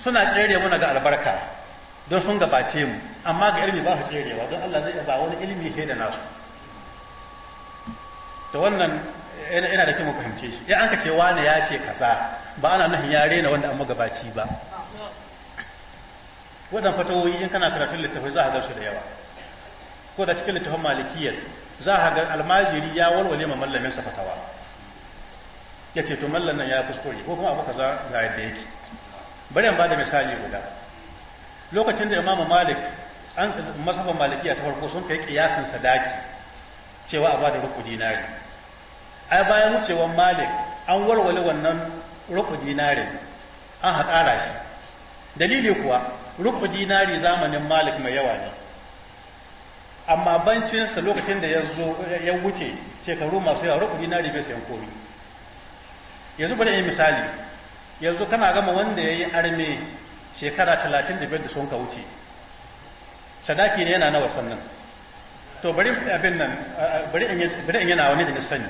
suna tsere muna ga albarka don sun gabace mu amma ga ilimi ba su tserewa don allah zai ba wani ilimi ke da nasu to wannan yana da kyau mu fahimce shi Ya an ka ce wani ya ce kasa ba ana nufin ya rena wanda an magabaci ba wadan fatawoyi in kana karatun littafai za a ga su da yawa ko da cikin littafin malikiyar za a ga almajiri ya walwale ma mallamin sa fatawa ya ce to mallan nan ya kuskure ko kuma abu kaza ga yadda yake bari an bada misali guda lokacin da imamu malik an masafan malikiya ta farko sun kai kiyasin sadaki cewa a bada ruku dinari ai bayan wucewar malik an warware wannan ruku dinari an haƙara shi dalili kuwa ruku dinari zamanin malik mai yawa ne amma bancinsa lokacin da ya wuce shekaru masu yawa ruku dinari bai sayan komi yanzu bari yi misali yanzu kana gama wanda ya yi arme shekara talatin da biyar da sun ka wuce sadaki ne yana nawa sannan to bari abin nan bari in yana wani da na sani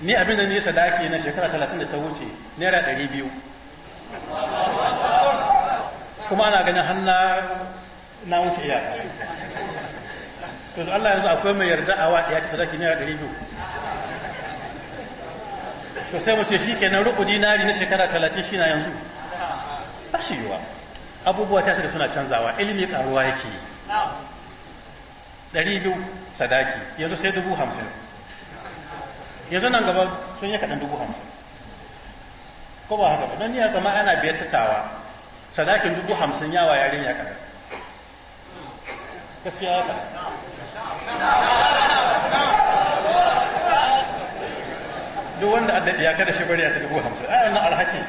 ni abin da ni sadaki na shekara talatin da ta wuce naira ɗari biyu kuma ana ganin hannu na wuce ya to Allah yanzu akwai mai yarda a wa ci sadaki naira ɗari biyu to sai mu ce shi kenan rubu dinari na shekara talatin shi na yanzu ba shi yiwa abubuwa ta shiga suna canzawa ilimi karuwa yake yi ɗari biyu sadaki yanzu sai dubu hamsin yanzu nan gaba sun yi kaɗan dubu hamsin ko ba haka ba don ya zama ana biyar ta tawa sadakin dubu hamsin yawa yarin ya kaɗan gaskiya kaɗa duk wanda addaɗi ya kada shi bari ya ta dubu hamsin ai na arha ce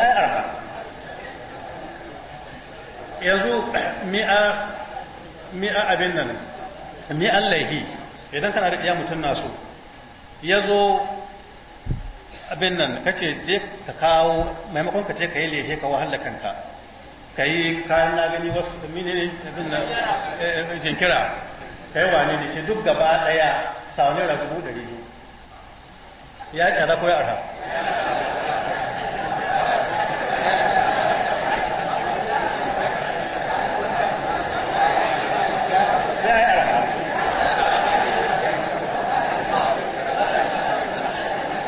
arha yanzu mi'a mi'a abin nan mi'an laihi idan kana da iya mutum na ya zo abin nan ka ce je ka kawo maimakon ka ce ka yi lehe ka wahala kanka ka yi kayan na gani wasu menene abin nan eh, eh, eh, jinkira ka yi wani ne ce duk gaba ɗaya tawani rabu ɗari ya tsada ko ya arha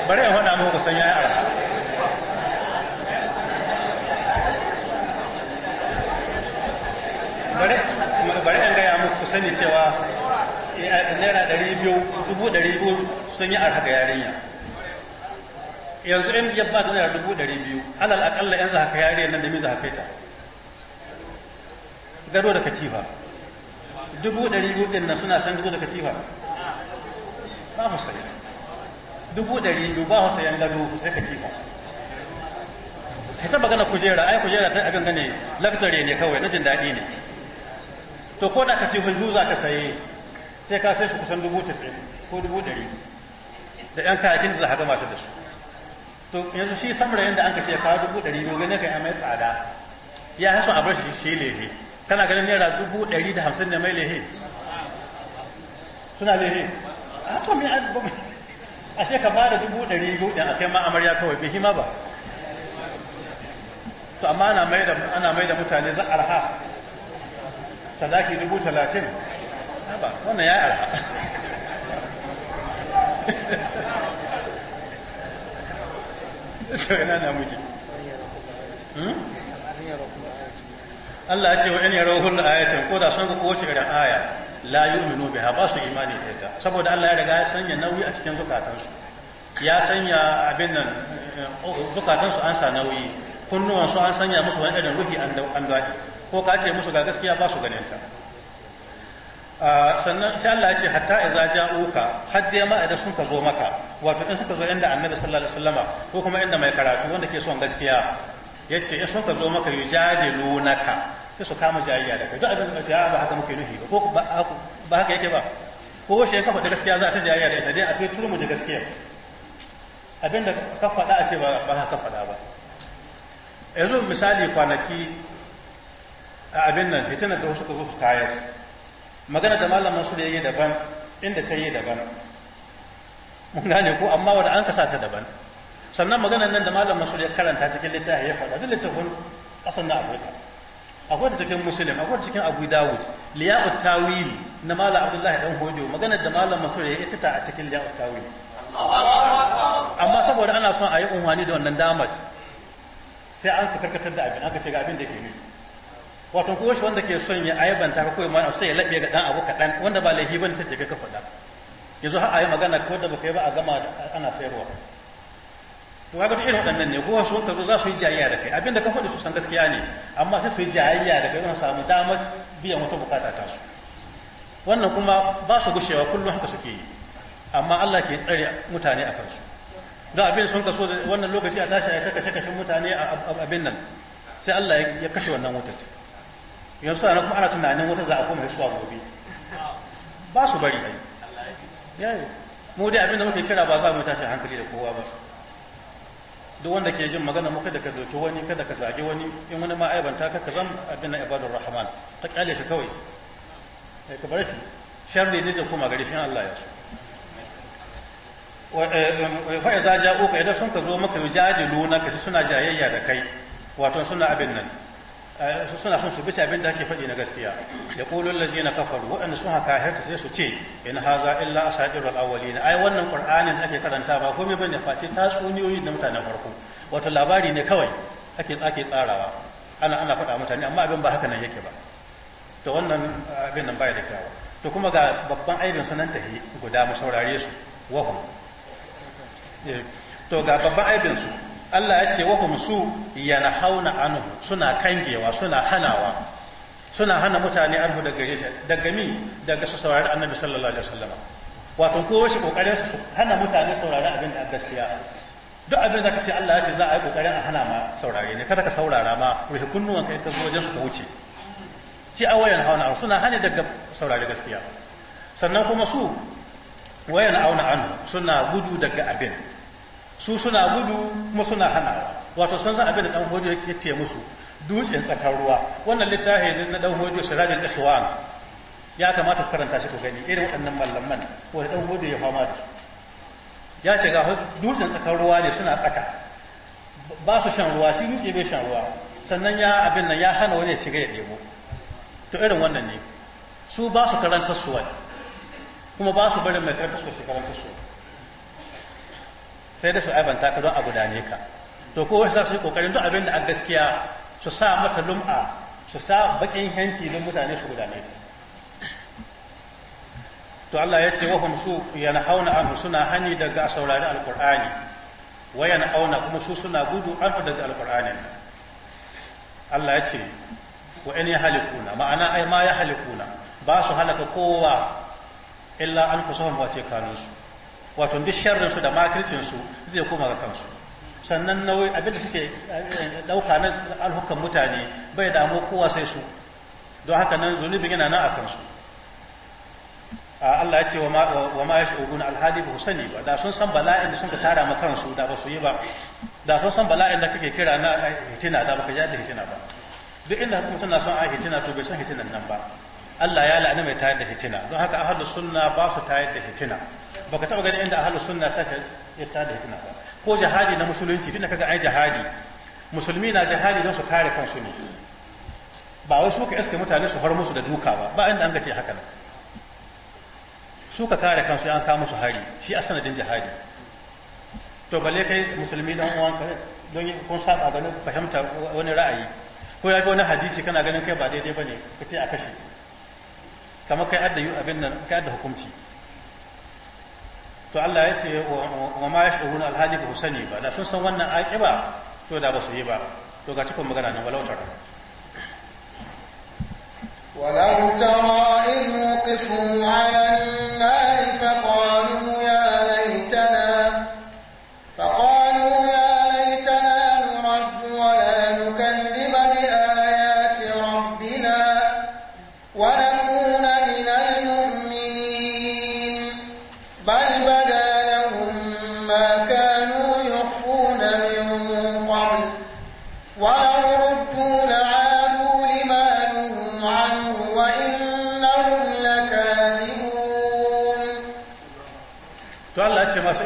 bari in faɗa muku san yayi arha bari in gaya muku sani cewa eh, naira ɗari biyu dubu ɗari biyu sun yi arha ga yarinya yanzu in ya ba ta naira dubu ɗari biyu alal aƙalla yanzu haka yarinya nan da miza haka ta gado da katifa dubu ɗari biyu ɗin nan suna san gado da katifa ba mu sayar dubu ɗari duba wasu yan gado sai ka ci haita magana kujera ai kujera ta abin gane luxury ne kawai na jin daɗi ne to ko da ka ce hulbu za ka saye sai ka sai su kusan dubu tasa'in ko dubu ɗari da yan kayakin da za ka gama ta da su to yanzu shi samurayin da an ka ce kawo dubu ɗari biyu gane ka yi mai tsada ya haso a bar shi shi lehe kana ganin naira dubu ɗari da hamsin ne mai lehe suna lehe a to me ashe ka fara dubu ɗari biyu a kai ma amarya kawai bai hima ba to amma ana mai da mutane za arha sadaki dubu talatin ba wannan ya yi arha to ina na muke hmm? Allah ce wa in rahun hullu ayatan ko da sun ga kowace irin aya la yu'minu biha ba su imani da ita saboda Allah ya riga ya sanya nauyi a cikin zukatansu ya sanya abin nan eh, zukatansu an sa nauyi kunnuwan su an sanya musu wani irin ruhi an dadi ko ka ce musu ga gaskiya ba su ganin ta ah, sannan sai Allah ya ce hatta iza ja'uka har dai ma idan suka zo maka wato in suka zo inda Annabi sallallahu alaihi wasallama ko kuma inda mai karatu wanda ke son gaskiya yace in suka zo maka yujadilunaka sai su kama jayayya da kai duk abin da jayayya ba haka muke nufi ba ko ba haka yake ba ko shi kafa da gaskiya za ta jayayya da ita dai akwai turu mu ji gaskiya abin da ka faɗa a ce ba haka faɗa ba yanzu misali kwanaki a abin nan fitinar da wasu ka zo tayas magana da malamin su da daban inda ta yi daban mun gane ko amma wanda an kasa ta daban sannan maganar nan da malamin su ya karanta cikin littafi ya faɗa duk littafin ƙasar na afirka akwai da cikin muslim akwai da cikin abu dawud liya'ut tawil na malam abdullahi dan hojo maganar da malam masur ya ita ta a cikin liya'ut tawil amma saboda ana son a yi unhwani da wannan damat sai an ka karkatar da abin aka ce ga abin da ke nufi wato ko shi wanda ke son ya aibanta ka koyi mana sai ya labe ga dan abu kaɗan wanda ba laifi ne sai ce ka faɗa yanzu har a yi magana ko da ka yi ba a gama ana sayarwa to kaga irin waɗannan ne kowa sun kazo za su yi jayayya da kai abinda ka faɗi su san gaskiya ne amma sai su yi jayayya da kai don samu damar biyan wata bukata ta su wannan kuma ba su gushewa kullum haka suke yi amma Allah ke tsare mutane a kansu da abin sun kaso wannan lokaci a tashi ya kashe kashe mutane a abin nan sai Allah ya kashe wannan wutar yanzu ana kuma ana tunanin wata za a koma suwa gobe ba su bari ai mu dai abin da muke kira ba za mu tashi hankali da kowa ba duk wanda ke jin magana muka kada ka doki wani kada ka zage wani in wani ma aibanta ka zan abin na ibadur rahman ka kyale shi kawai eh, ka bar shi sharri ne zai koma gare shi Allah ya so wa eh, eh, iza ja'uka idan sun ka zo maka yujadiluna ka suna jayayya da kai wato suna abin nan Eh, suna son su bi abin da ake faɗi na gaskiya ya ƙulu lazi na kafar waɗanda sun haka harta sai su ce in haza illa asatirul na ai wannan da ake karanta ba komai da face tatsuniyoyi na mutanen farko Wata labari ne kawai ake tsake tsarawa ana ana faɗa mutane amma abin ba haka nan yake ba to wannan eh, abin nan baya da kyawa to kuma ga babban aibin sanan tahi guda mu su wahum eh, to ga babban aibin su Allah ya ce wahum su hauna anhu suna kangewa suna hanawa suna hana mutane anhu daga gare shi daga mi daga su saurari annabi sallallahu alaihi wasallam wato ko wasu kokarin su hana mutane saurari abin da gaskiya duk abin da kace Allah ya ce za a yi kokarin a hana ma saurare ne kada ka saurara ma rufe kunnuwan kai ka zo wajen su ka wuce ti awayan hauna suna hana daga saurari gaskiya sannan kuma su wayan auna anhu suna gudu daga abin su suna gudu kuma suna hana wato sun san abin da ɗanhojo ya ce musu dutsen tsakar ruwa wannan littafi ne na ɗanhojo hojo sirajul ikhwan ya kamata ku karanta shi ku gani irin waɗannan mallaman ko da ɗanhojo ya fama da su ya shiga dutsen tsakar ruwa ne suna tsaka ba su shan ruwa shi dutse bai shan ruwa sannan ya abin nan ya hana wani ya shiga ya ɗebo to irin wannan ne su ba su karanta suwa kuma ba su barin mai karanta su shi karanta suwa sai da su aibanta ka don a gudane ka to ko za su yi kokarin duk abin da a gaskiya su sa mata lum'a su sa baƙin henti don mutane su gudane ta to Allah ya ce wahum su hauna an suna hani daga a saurari Alƙur'ani wa auna kuma su suna gudu an daga alqur'ani Allah ya ce wa in ya halikuna ma'ana ai ma halikuna ba su halaka kowa illa an kusa wace kanunsu wato duk sharrin su da makircin su zai koma ga kansu sannan nauyi abin da suke eh, ɗauka na alhukan mutane bai damu kowa sai su don haka nan zunubin yana nan a kansu Allah ya ce wa ma ya shi'ugun alhali ba sani ba da sun san bala'in da sun ka tara ma kansu da ba su yi ba da sun san bala'in da kake kira na hitina da baka ji da hitina ba duk inda mutum na son a hitina to bai san hitinan nan ba Allah ya la'ani mai tayar da hitina don haka ahlus sunna ba su tayar da hitina baka taba ganin inda ahlus sunna ta ta da hitina ba ko jihadi na musulunci duk da kaga ai jihadi musulmi na jihadi don su kare kansu ne ba wai su ka iske mutane su har musu da duka ba ba inda an ga ce haka nan ka kare kansu an kawo musu hari shi a sanadin jihadi to balle kai musulmi dan uwan ka don kun saba ganin fahimta wani ra'ayi ko ya bi wani hadisi kana ganin kai ba daidai bane ka ce a kashe kamar kai adda abin nan kai adda hukunci to Allah ya ce wa ma ya yashuruna alhaji ba sani ba da sun san wannan ba to da ba su yi ba to ga cikin magana ne walau tara ولو ترى إذ وقفوا على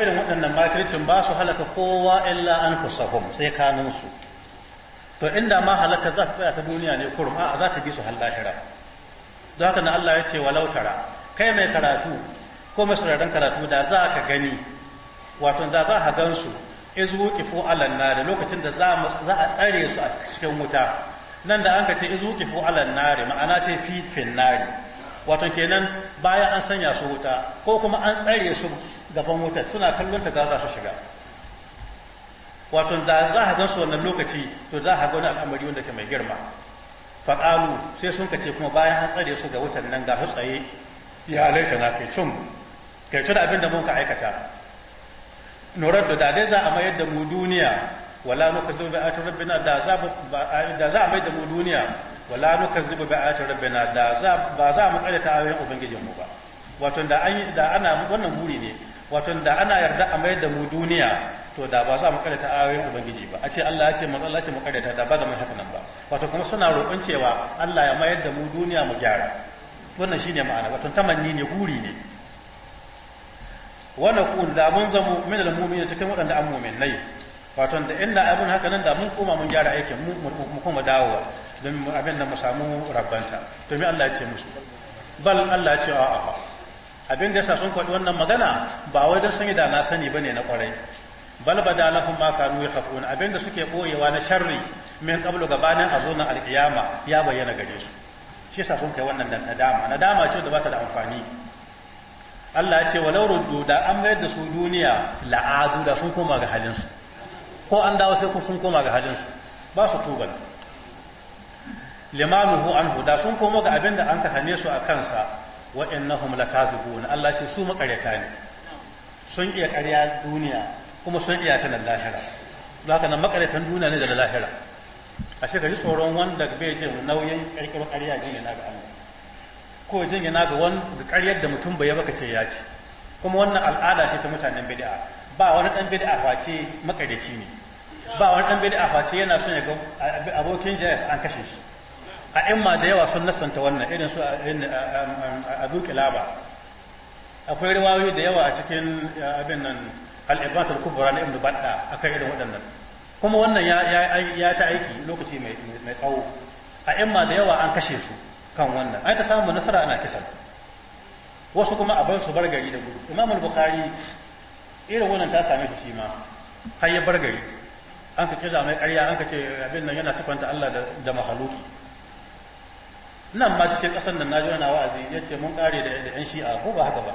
irin waɗannan makircin ba su halaka kowa illa an kusahum sai kanunsu to inda ma halaka za ta tsaya ta duniya ne kurum a za ta bi su halahira don haka na Allah ya ce walau tara kai mai karatu ko mai sauraron karatu da za ka gani wato da za ka gan su iz wuqifu alan da lokacin da za a tsare su a cikin wuta nan da an ka ce iz wuqifu alan nari ma'ana ce fi fin nari wato kenan bayan an sanya su wuta ko kuma an tsare su gaban motar suna kallon ta za su shiga wato da za a gansu wannan lokaci to za a ga wani al'amari wanda ke mai girma faƙalu sai sun kace kuma bayan an tsare su ga wutar nan ga hutsaye ya laita na kai cin kai cin abin da mun ka aikata nurar da dai za a mayar da mu duniya wala nuka zuba a ayatin rabbina da za da za a mayar da mu duniya wala nuka zuba a ayatin rabbina da za ba za mu ta ayoyin ubangijinmu ba wato da an da ana wannan buri ne wato da ana yarda a mai da mu duniya to da ba za mu karyata ayoyin ubangiji ba a ce Allah ya ce manzo Allah ce mu da ba da mu haka nan ba wato kuma suna roƙon cewa Allah ya mayar da mu duniya mu gyara wannan shine ma'ana wato tamanni ne guri ne wa naqul da mun zamu min al-mu'minin cikin waɗanda an mu'minai wato da inda abun haka nan da mun koma mun gyara aikin mu mu kuma dawowa don abin da mu samu rabbanta domin Allah ya ce musu bal Allah ya ce a'a abin da yasa sun faɗi wannan magana ba wai don sun yi da na sani ne na kwarai Balba da lahum ma kanu yakhafun abin da suke boyewa na sharri min qablu gabanin azunan alqiyama ya bayyana gare su shi sa sun kai wannan nadama nadama ce da bata da amfani Allah ya ce walau ruddu da an mayar da su duniya la'adu da sun koma ga halin su ko an dawo sai sun koma ga halin su ba su tubal limanuhu anhu da sun koma ga abin da an ka hane su a kansa wa innahum lakazibun Allah ce su makareta ne sun iya ƙarya duniya kuma sun iya ta nan lahira don haka nan makaretan duniya ne da lahira a shekaru ji tsoron wanda bai je nauyin ƙarƙiro ƙarya na ga Allah ko yana ga wani ƙaryar da mutum bai baka ce ya ci kuma wannan al'ada ce ta mutanen bid'a ba wani dan bid'a face makareci ne ba wani dan bid'a face yana son ya ga abokin jayas an kashe shi a ma da yawa sun nasanta wannan irin su a duki laba akwai riwayoyi da yawa a cikin abin nan al'ibatul kubra na ibnu badda akan irin waɗannan kuma wannan ya ta aiki lokaci mai tsawo a imma da yawa an kashe su kan wannan ai ta samu nasara ana kisan wasu kuma a bar su bar gari da gudu imamul bukhari irin wannan ta same shi shi ma har ya bar gari an ka kira mai ƙarya an ka ce abin nan yana sifanta Allah da mahaluki nan ma cikin ƙasar nan naji wani wa'azi ya ce mun kare da yan shi'a ko ba haka ba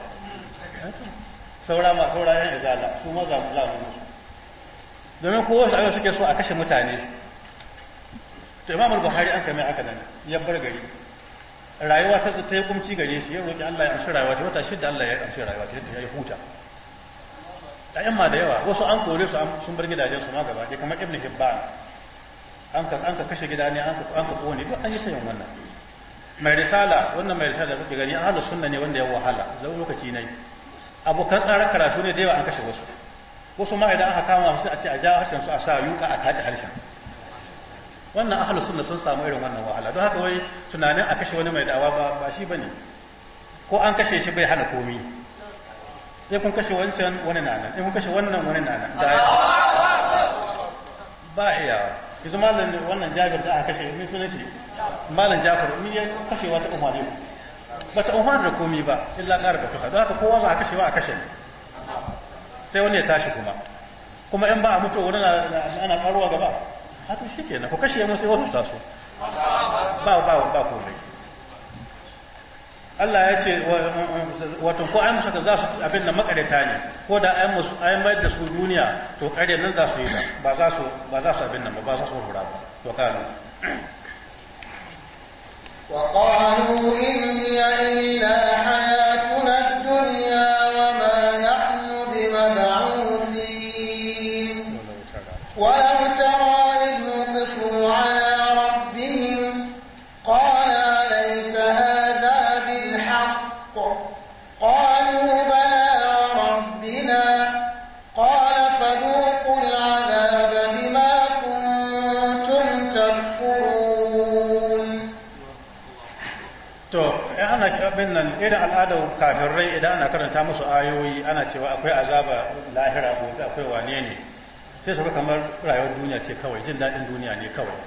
saura ma saura yan izala su ma za mu za mu musu domin ko wasu ayyau suke so a kashe mutane su to imam al-bukhari an kame aka nan ya bar gari rayuwa ta ta yi kumci gare shi ya roki Allah ya amshi rayuwa ce wata shidda Allah ya amshi rayuwa ce ya huta a yamma da yawa wasu an kore su sun bar gidajen su ma gaba ɗaya kamar ibn hibban an ka kashe gida ne an ka kone duk an yi ta yin wannan mai risala wannan mai risala kuke gani ahlus sunna ne wanda ya wahala zan lokaci yi. abokan tsara karatu ne da yawa an kashe wasu wasu ma idan aka kama su a ce a ja harshen su a sa yuka a kace harshen wannan ahlus sunna sun samu irin wannan wahala don haka wai tunanin a kashe wani mai dawa ba ba shi bane ko an kashe shi bai hana komi sai kun kashe wancan wani nanan sai kun kashe wannan wani nanan ba iyawa yanzu malam wannan jabir da aka kashe mai sunan shi malam jafar in ya kashewa ta umarni ba ta umar da komi ba illa ƙara da tuka don haka kowa za a kashewa a kashe ne sai wani ya tashi kuma kuma in ba a mutu wani ana ƙaruwa gaba haka shi kenan ku kashe mun sai wani taso ba ba ba komai Allah ya ce wato ko ayan musaka za su abin da makareta ne ko da ayan musu ayan mai da su duniya to ƙarya nan za su yi ba ba za su abin nan ba za su hura ba to kano وقالوا إن هي إلا حياتنا nan irin al'adar kafirai idan ana karanta musu ayoyi ana cewa akwai azaba lahira gobe akwai wane ne sai su kamar rayuwar duniya ce kawai jin daɗin duniya ne kawai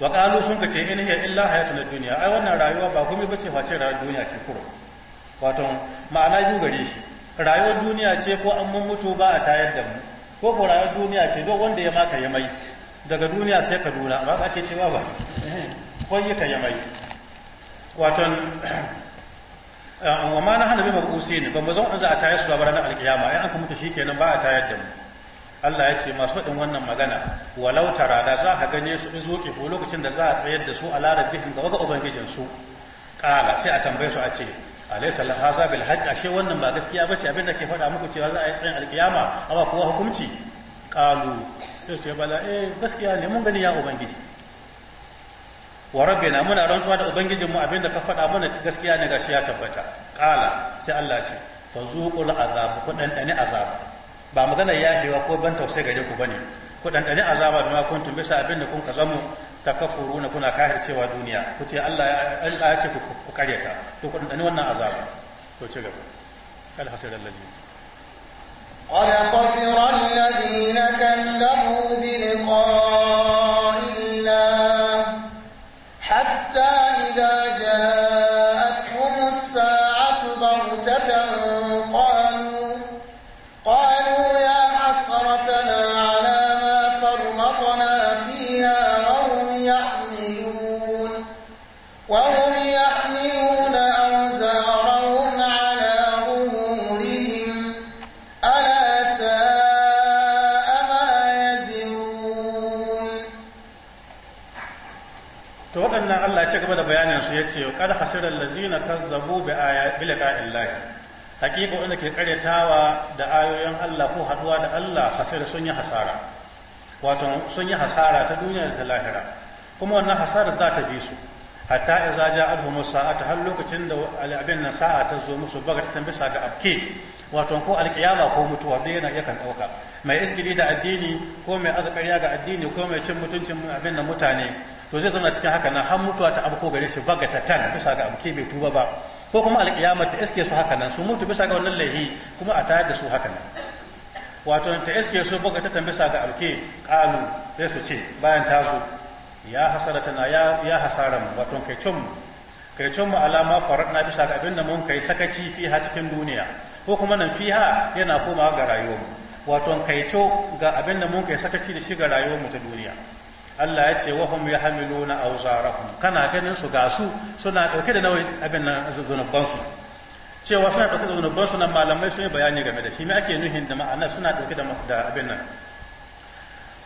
wa qalu sun ce in hiya illa na duniya ai wannan rayuwa ba komai bace face rayuwar duniya ce kuro wato ma'ana biyu gare shi rayuwar duniya ce ko an mun mutu ba a tayar da mu ko ko rayuwar duniya ce duk wanda ya maka ya mai daga duniya sai ka duna ba ake cewa ba ko yi ka ya mai waton wa ma na hana bi usi ne ba mu zan za a tayar su ba ranar alkiyama ai an ka mutu shikenan ba a tayar da mu Allah ya ce masu faɗin wannan magana walau tara da za a gane su in zoke ko lokacin da za a tsayar da su a larar gaba ga ubangijin su kala sai a tambaye su a ce alaysa hadha bil haqq ashe wannan ba gaskiya bace abinda ke faɗa muku cewa za a yi tsayin alkiyama amma kowa hukunci kalu sai ce bala eh gaskiya ne mun gani ya ubangiji wa rabbina muna rantsuwa da ubangijin mu abinda ka faɗa mana gaskiya ne gashi ya tabbata qala sai Allah ce fazuqul azab ku dan dane azab ba magana yafewa ko ban tausayi gare ku bane ku dan dane azaba bima kuntum sa abinda kun kazamu takafuruna kuna cewa duniya ku ce Allah ya ce ku karyata to ku dan wannan azaba to ci gaba kal hasira allazi قد خسر الذين كذبوا بلقاء ya ce kad hasirar lazina kazzabu bi liqa'illahi hakika wanda ke karyatawa da ayoyin Allah ko haduwa da Allah hasir sun yi hasara wato sun yi hasara ta duniya da ta lahira kuma wannan hasara za ta bi su hatta idza sa'a ta har lokacin da al'abin na sa'a ta zo musu baga ta sa ga abke wato ko alkiyama ko mutuwa da yana yakan dauka mai isgili da addini ko mai azkariya ga addini ko mai cin mutuncin abin da mutane to zai zama cikin haka na har mutuwa ta abu ko gare shi bagatatan bisa ga abu bai tuba ba ko kuma alƙiyama ta iske su haka nan su mutu bisa ga wannan laihi kuma a tayar da su haka nan wato ta iske su bagatatan bisa ga abu ke sai su ce bayan ta zo ya hasara tana ya hasara mu wato kai cin mu kai cin mu alama farat na bisa ga abin da mun kai sakaci fiha cikin duniya ko kuma nan fiha yana komawa ga rayuwar mu wato kai ga abin da mun kai sakaci da shi ga rayuwar mu ta duniya Allah ya ce wa hum yahmiluna awzarahum kana ganin su gasu suna dauke da nauyin abin nan zunuban su cewa suna dauke da zunuban su nan malamai sun yi bayani game da shi me ake nuhin da ma'ana suna dauke da abin nan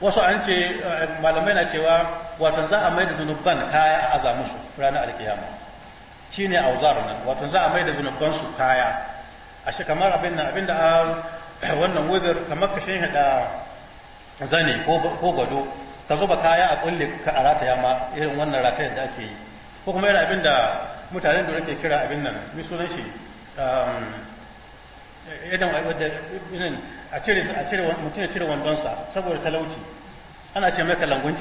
wasu an ce eh, malamai na cewa wato za a mai da zunuban kaya a aza musu ranar alkiyama shi ne auzar nan wato za a mai da zunuban su kaya a shi kamar abin nan abin da wannan wuzir kamar kashin hada zane ko gado. ka zuba kaya a kulle ka a rataya ma irin wannan ratayar da ake yi ko kuma yana abin da mutanen da ake kira abin nan mi sunan shi irin a cire a cire mutum ya cire wandonsa saboda talauci ana ce mai kalangun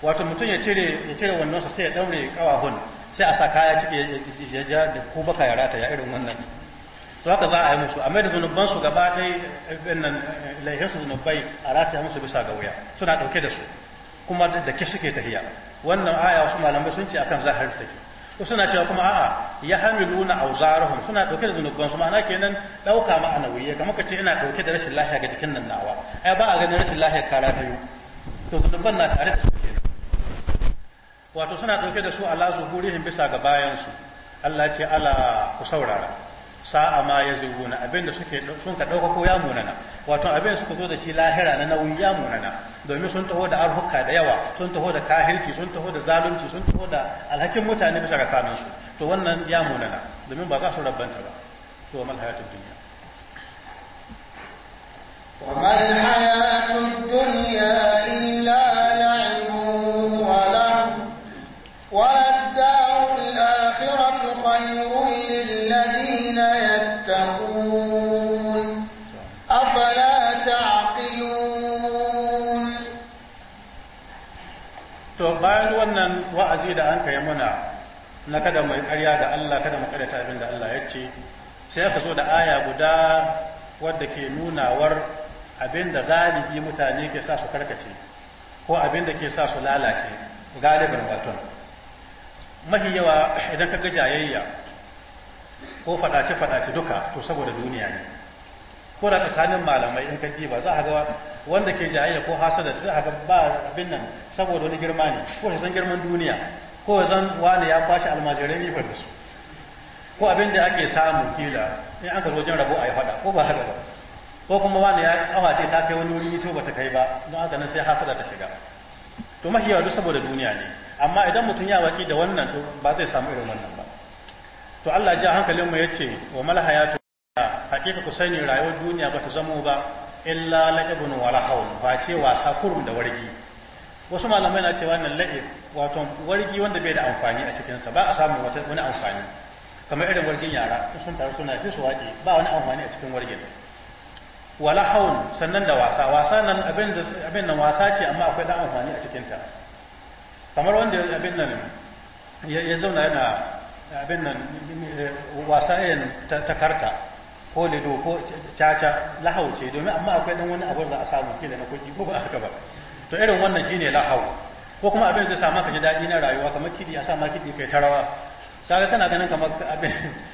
wato mutum ya cire ya cire wandonsa sai ya daure kawahun sai a sa kaya ciki ya ja da ko baka ya rataya irin wannan to haka za a yi musu amma da zunuban su gaba dai nan laihin su zunubai a rataya musu bisa ga wuya suna dauke da su kuma da ke suke tahiya wannan aya wasu malamai sun ce akan zahar take ko suna cewa kuma a'a ya hamiluna auzarahum suna dauke da zunuban su ma'ana kenan dauka ana wuya kamar ka ce ina dauke da rashin lafiya ga jikin nan nawa ai ba a ganin rashin Lahiya kara ta yi to zunuban na tare da su kenan wato suna dauke da su ala zuhurihim bisa ga bayan su Allah ce ala ku saurara sa'a ma ya zuruna abinda suke sun ka ɗaukako ya munana wato abin suka zo da shi lahira na nauyi ya munana domin sun taho da arhuka da yawa sun taho da kahirci sun taho da zalunci sun taho da alhakin mutane bisa ga su to wannan ya munana domin ba za su rabbanta ba to mal hayatul dunya wa mal dunya illa bayan wannan wa'azi da an kai muna na kada mai karya ga Allah kada mu karya abin da Allah ya ce sai ka zo da aya guda wadda ke nunawar abin da galibi mutane ke sa su karkace ko abin da ke sa su lalace galibin batun mafi yawa idan ka ga jayayya ko fadace-fadace duka to saboda duniya ne ko da tsakanin malamai in ka ba za a ga wanda ke jayayya ko hasada za a ga ba abin nan saboda wani girma ne ko san girman duniya ko san wani ya kwashe almajirai ne da su ko abin da ake samu kila in aka zo jin rabo a yi fada ko ba haka ba ko kuma wani ya ce ta kai wani wuri ba ta kai ba don haka nan sai hasada ta shiga to mahiyawa duk saboda duniya ne amma idan mutum ya watsi da wannan to ba zai samu irin wannan ba to Allah ja hankalin mu yace wa malhayatu hayatu hakika ku sani rayuwar duniya ba ta zamo ba illa la'ibun wala haul ba ce wasa kurum da wargi wasu malamai na cewa nan la'ib wato wargi wanda bai da amfani a cikinsa ba a samun wani amfani kamar irin wargin yara sun taru suna shi su wace ba wani amfani a cikin wargin wala haul sannan da wasa wasa nan abin abin nan wasa ce amma akwai dan amfani a cikinta kamar wanda abin nan ya zauna yana abin nan eh, wasa irin ta karta ko lido ko caca lahau ce domin amma akwai dan wani abin da a samu kila na kuɗi ko ba haka ba to irin wannan shine lahau ko kuma abin zai sama ka ji daɗi na rayuwa kamar kidi a sama kidi kai ta rawa kaga kana ganin kamar abin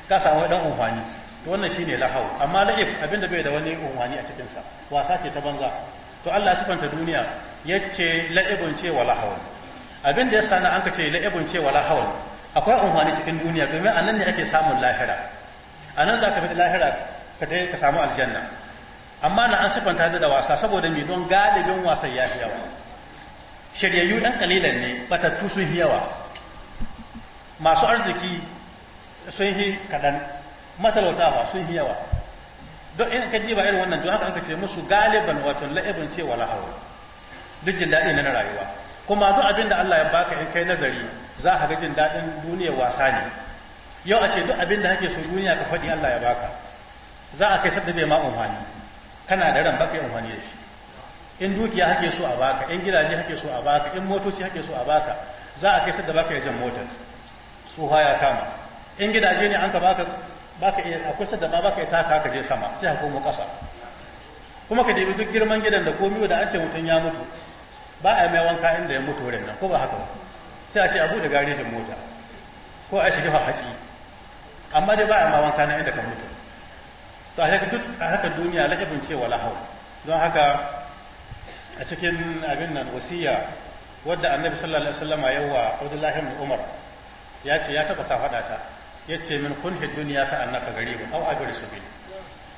ka samu dan umfani to wannan shine lahau amma la'ib abinda bai da wani umfani a cikin sa wasa ce ta banza to Allah sifanta duniya yace la'ibun ce wa lahau abin da yasa na an ka ce la'ibun ce wa lahau akwai umfani cikin duniya domin anan ne ake samun lahira anan zaka ka fi lahira ka ka samu aljanna amma na an sifanta da wasa saboda mai don galibin wasan ya fi yawa shiryayyu ɗan kalilan ne batattu sun fi yawa masu arziki sun fi kaɗan matalautawa sun fi yawa don in ka ji ba irin wannan don haka aka ce musu galiban wato la'ibin ce wala hawa duk jin daɗi na rayuwa kuma duk abin da Allah ya baka in kai nazari za ka ga jin daɗin duniyar wasa ne yau a ce duk abin da kake so duniya ka faɗi Allah ya baka za a kai sadda bai ma amfani kana da ran baka yi da shi in dukiya hake so a baka in gidaje hake so a baka in motoci hake so a baka za a kai sadda baka yajin jan motar su ya kama in gidaje ne an ka baka baka iya akwai sadda ma baka ita taka ka je sama sai ka komo ƙasa kuma ka debi duk girman gidan da komi da an ce mutun ya mutu ba a mai wanka inda ya mutu wurin nan ko ba haka ba sai a ce a buɗe garejin mota ko a shiga hatsi amma dai ba a ma wanka na inda ka mutu to haka duk a haka duniya la'ibin ce wa lahau. don haka a cikin abin nan wasiya wadda annabi sallallahu alaihi wasallam ya wa Abdullahi ibn Umar ya ce ya taba ka fada ta ce min kun hid duniya ka annaka garibu aw su sabil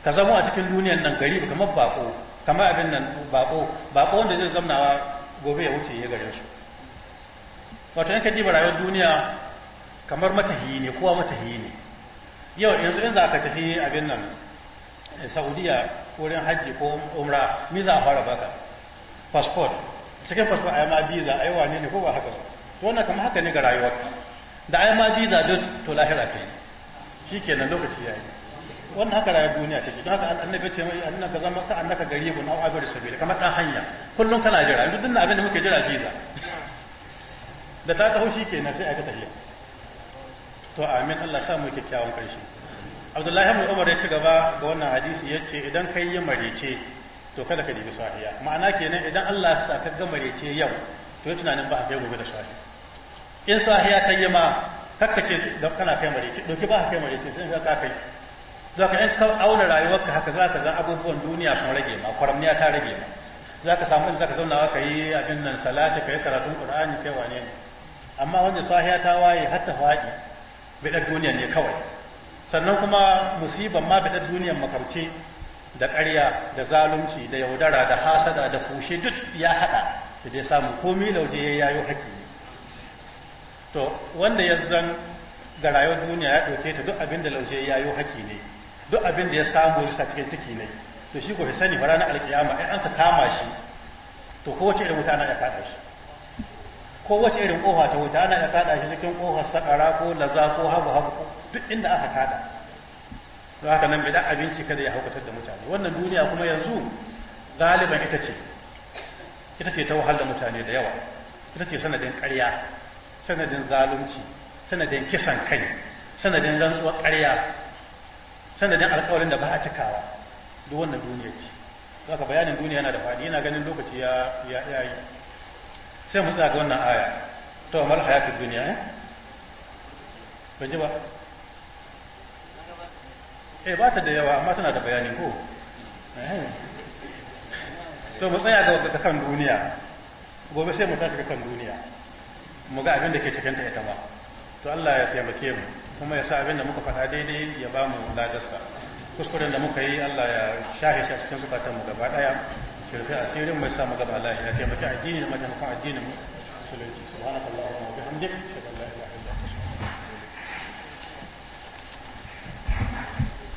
ka zamo a cikin duniyan nan garibu kamar bako kamar abin nan bako bako wanda zai zamnawa gobe ya wuce ya gare su wato in ka diba rayuwar duniya kamar matahi ne kowa matahi ne yau yanzu in za ka tafi abin nan Eh, saudiya wurin hajji ko umra miza fara baka passport cikin passport ai ma visa ai wane ne ko ba haka ba to wannan kamar haka ne ga rayuwar da ai ma visa dot to lahira kai shikenan lokaci yayi wannan haka rayuwar duniya take don haka annabi ce mai annaka zama ka annaka garibu na abar sabila kamar dan hanya kullun kana jira duk dinnan abin da muke jira visa da ta taho shikenan sai aka tafiya to amin Allah sa mu kyakkyawan karshe abdullahi ibn umar ya ci gaba ga wannan hadisi ya ce idan kai yi marece to kada ka dibi sahiya ma'ana kenan idan Allah ya saka ka ga marece yau to yi tunanin ba a kai gobe da sahiya in sahiya ta yi ma kakkace kana kai marece doki ba ka kai marece sai ka kai za ka in ka auna rayuwarka haka za ka zan abubuwan duniya sun rage ma kwaramniya ta rage ma za ka samu za ka zauna ka yi abin nan salati ka yi karatun qur'ani kai wane ne amma wanda sahiya ta waye hatta fadi faɗi bidar duniya ne kawai sannan kuma musiban ma fitar duniyar makamci da ƙarya da zalunci da yaudara da hasada da kushe duk ya haɗa da dai samu komi lauje ya yayo haƙi ne to wanda ya zan ga rayuwar duniya ya ɗauke ta duk abin da lauje ya yayo haƙi ne duk abin da ya samu risa cikin ciki ne to shi ko sani ba ranar alƙiyama ai an ka kama shi to kowace irin wuta ana ya kaɗa shi kowace irin ƙofa ta wuta ana ya kaɗa shi cikin ƙofar sakara ko laza ko habu habu duk inda aka kada don haka nan bidan abinci kada ya haukatar da mutane wannan duniya kuma yanzu galiban ita ce ita ce ta wahala mutane da yawa ita ce sanadin ƙarya sanadin zalunci sanadin kisan kai sanadin rantsuwar ƙarya sanadin alƙawarin da ba a cikawa duk wannan duniya ce za ka bayanin duniya yana da fadi, yana ganin lokaci ya yi sai mu tsaya ga wannan aya to amal hayatul duniya eh ban ji ba eh ba ta da yawa amma tana da bayani ko eh. to mu tsaya ga kan duniya gobe sai mu tafi ga kan duniya mu ga abin da ke cikin ta ita ba to Allah ya taimake mu kuma ya sa abin da muka faɗa daidai ya ba mu ladarsa kuskuren da muka yi Allah ya shahe shi a cikin zukatan mu gaba daya shirfi asirin mai sa mu gaba Allah ya taimake addini da mataimakon addinin mu alaihi wa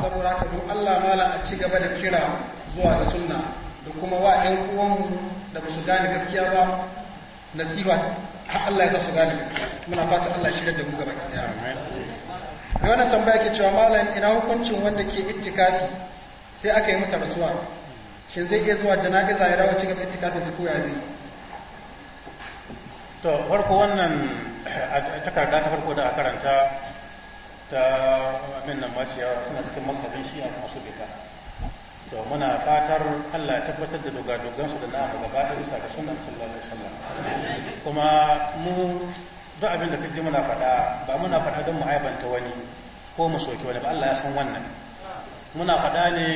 saboda haka don Allah mala a ci gaba da kira zuwa da sunna da kuma wa 'yan uwanmu da su gane gaskiya ba nasiha har Allah ya sa su gane gaskiya muna fata Allah shirya da mu gaba ki daya mai wannan tambaya ke cewa malam ina hukuncin wanda ke ittikafi sai aka yi masa rasuwa shin zai iya zuwa jana'iza ya dawo cikin ittikafin su koya zai to farko wannan takarda ta farko da a karanta ta abin nan maciyawa suna cikin masarin shi kuma su bita to muna fatar Allah ya tabbatar da dogadogan su da namu gaba da isa ga sunan sallallahu alaihi wasallam kuma mu duk abin da ji muna faɗa ba muna faɗa don mu aibanta wani ko mu soki wani ba Allah ya san wannan muna faɗa ne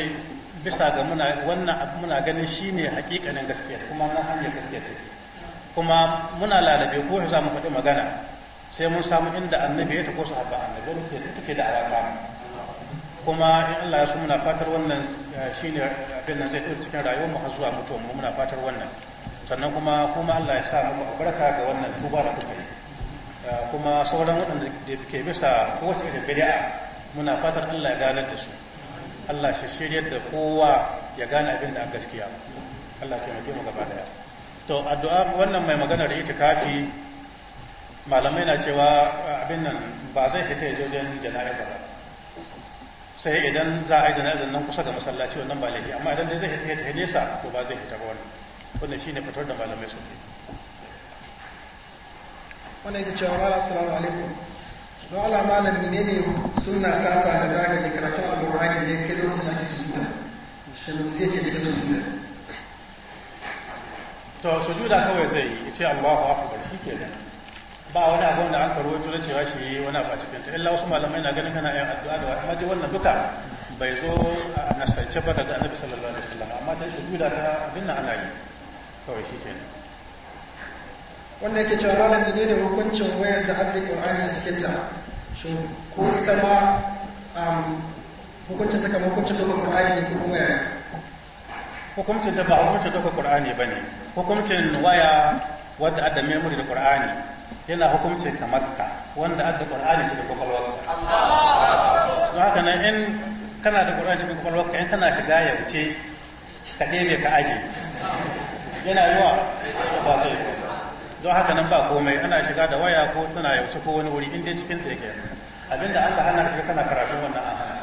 bisa ga muna wannan abu muna ganin shine hakikanin gaskiya kuma mun hanyar gaskiya take kuma muna lalabe ko za mu faɗi magana sai mun samu inda annabi ya ta kosa haɓa annabi wani ke ita ce da alaƙa kuma in Allah ya so muna fatar wannan ne abin nan zai ɗin cikin rayuwar mu har zuwa mutuwa mu muna fatar wannan sannan kuma kuma Allah ya sa mu albarka ga wannan tuba da kuka yi kuma sauran waɗanda da ke bisa kowace irin bid'a muna fatar Allah ya ganar da su Allah shi shiryar da kowa ya gane abin da gaskiya Allah ya taimake mu gaba daya to addu'a wannan mai magana da itikafi malamai na cewa eh, abin nan ba zai fita ya wajen jana'iza ba sai idan za a yi jana'izar nan kusa da masallaci wannan ba laifi amma idan dai zai fita ya nesa to ba zai fita ba wani wannan shine fitar da malamai su ne wannan yake cewa wala assalamu alaikum don ala malam ne ne suna ta da daga ne karatun alburani ne kai lokacin ake juta. shin zai ce cikin sujuda to sujuda kawai zai yi ce allahu akbar nan. ba wani abin da an karwato na cewa shi wani abu a cikin ta illa wasu malamai na ganin kana yin addu'a da amma dai wannan duka bai zo a nasarce ba daga annabi sallallahu alaihi wasallam amma ta juda ta abin na ana yi kawai shi kenan wannan yake cewa malami ne da hukuncin wayar da haddi qur'ani a cikin ta shi ko ita ma um, hukuncin ta kamar hukuncin da qur'ani ne ko kuma yaya hukuncin ta ba hukuncin da qur'ani bane hukuncin waya wadda ya muri da qur'ani yana hukumce kamar ka wanda adda qur'ani cikin kwakwalwarka don haka nan in kana da qur'ani cikin kwakwalwarka in kana shiga yauce ka ɗebe ka aje yana yi wa ba zai don haka nan ba komai ana shiga da waya ko tana yauce ko wani wuri inda cikin ta yake abinda da hana shiga kana karatun wannan an hana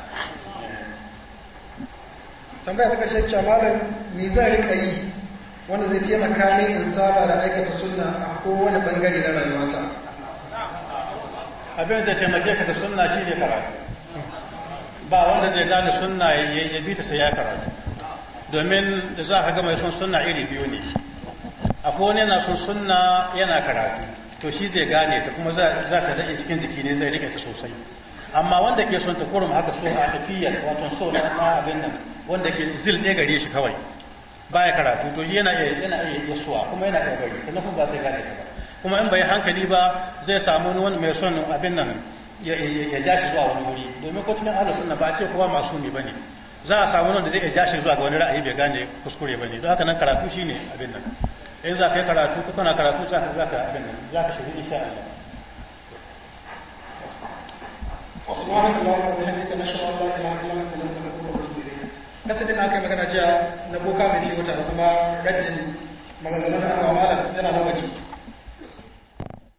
tambaya ta kashe cewa malam me zan riƙa yi wanda zai taimaka ni in saba da aikata sunna a kowane bangare na rayuwata abin zai taimake ka da sunna shi ne karatu ba wanda zai gane sunna ya bi ta sai ya karatu domin da za ka gama sun, sunna iri biyu ne A wani yana sun sunna yana karatu to shi zai gane ta kuma za ta daɗe cikin jiki ne zai rike ta sosai amma wanda ke son ta kurum haka so a tafiyar wato so na abin nan wanda ke zil ɗaya gare shi kawai baya karatu to shi yana yana iya suwa kuma yana iya bari sannan kuma ba zai gane ta ba kuma in bai hankali ba zai samu wani mai son abin nan ya ja shi zuwa wani wuri domin ko cikin ahlus sunna ba a ce kowa masumi bane za a samu wanda zai iya ja shi zuwa ga wani ra'ayi bai gane kuskure bane don haka nan karatu shine abin nan in za ka yi karatu ko kana karatu za ka za ka abin nan za ka shiga insha Allah Wasu ka na وبحمدك نشهد ان لا da الا انت نستغفرك kasa da aka yi magana jiya na boka mai fiye wuta kuma raddin maganganu da aka wa malam yana da waje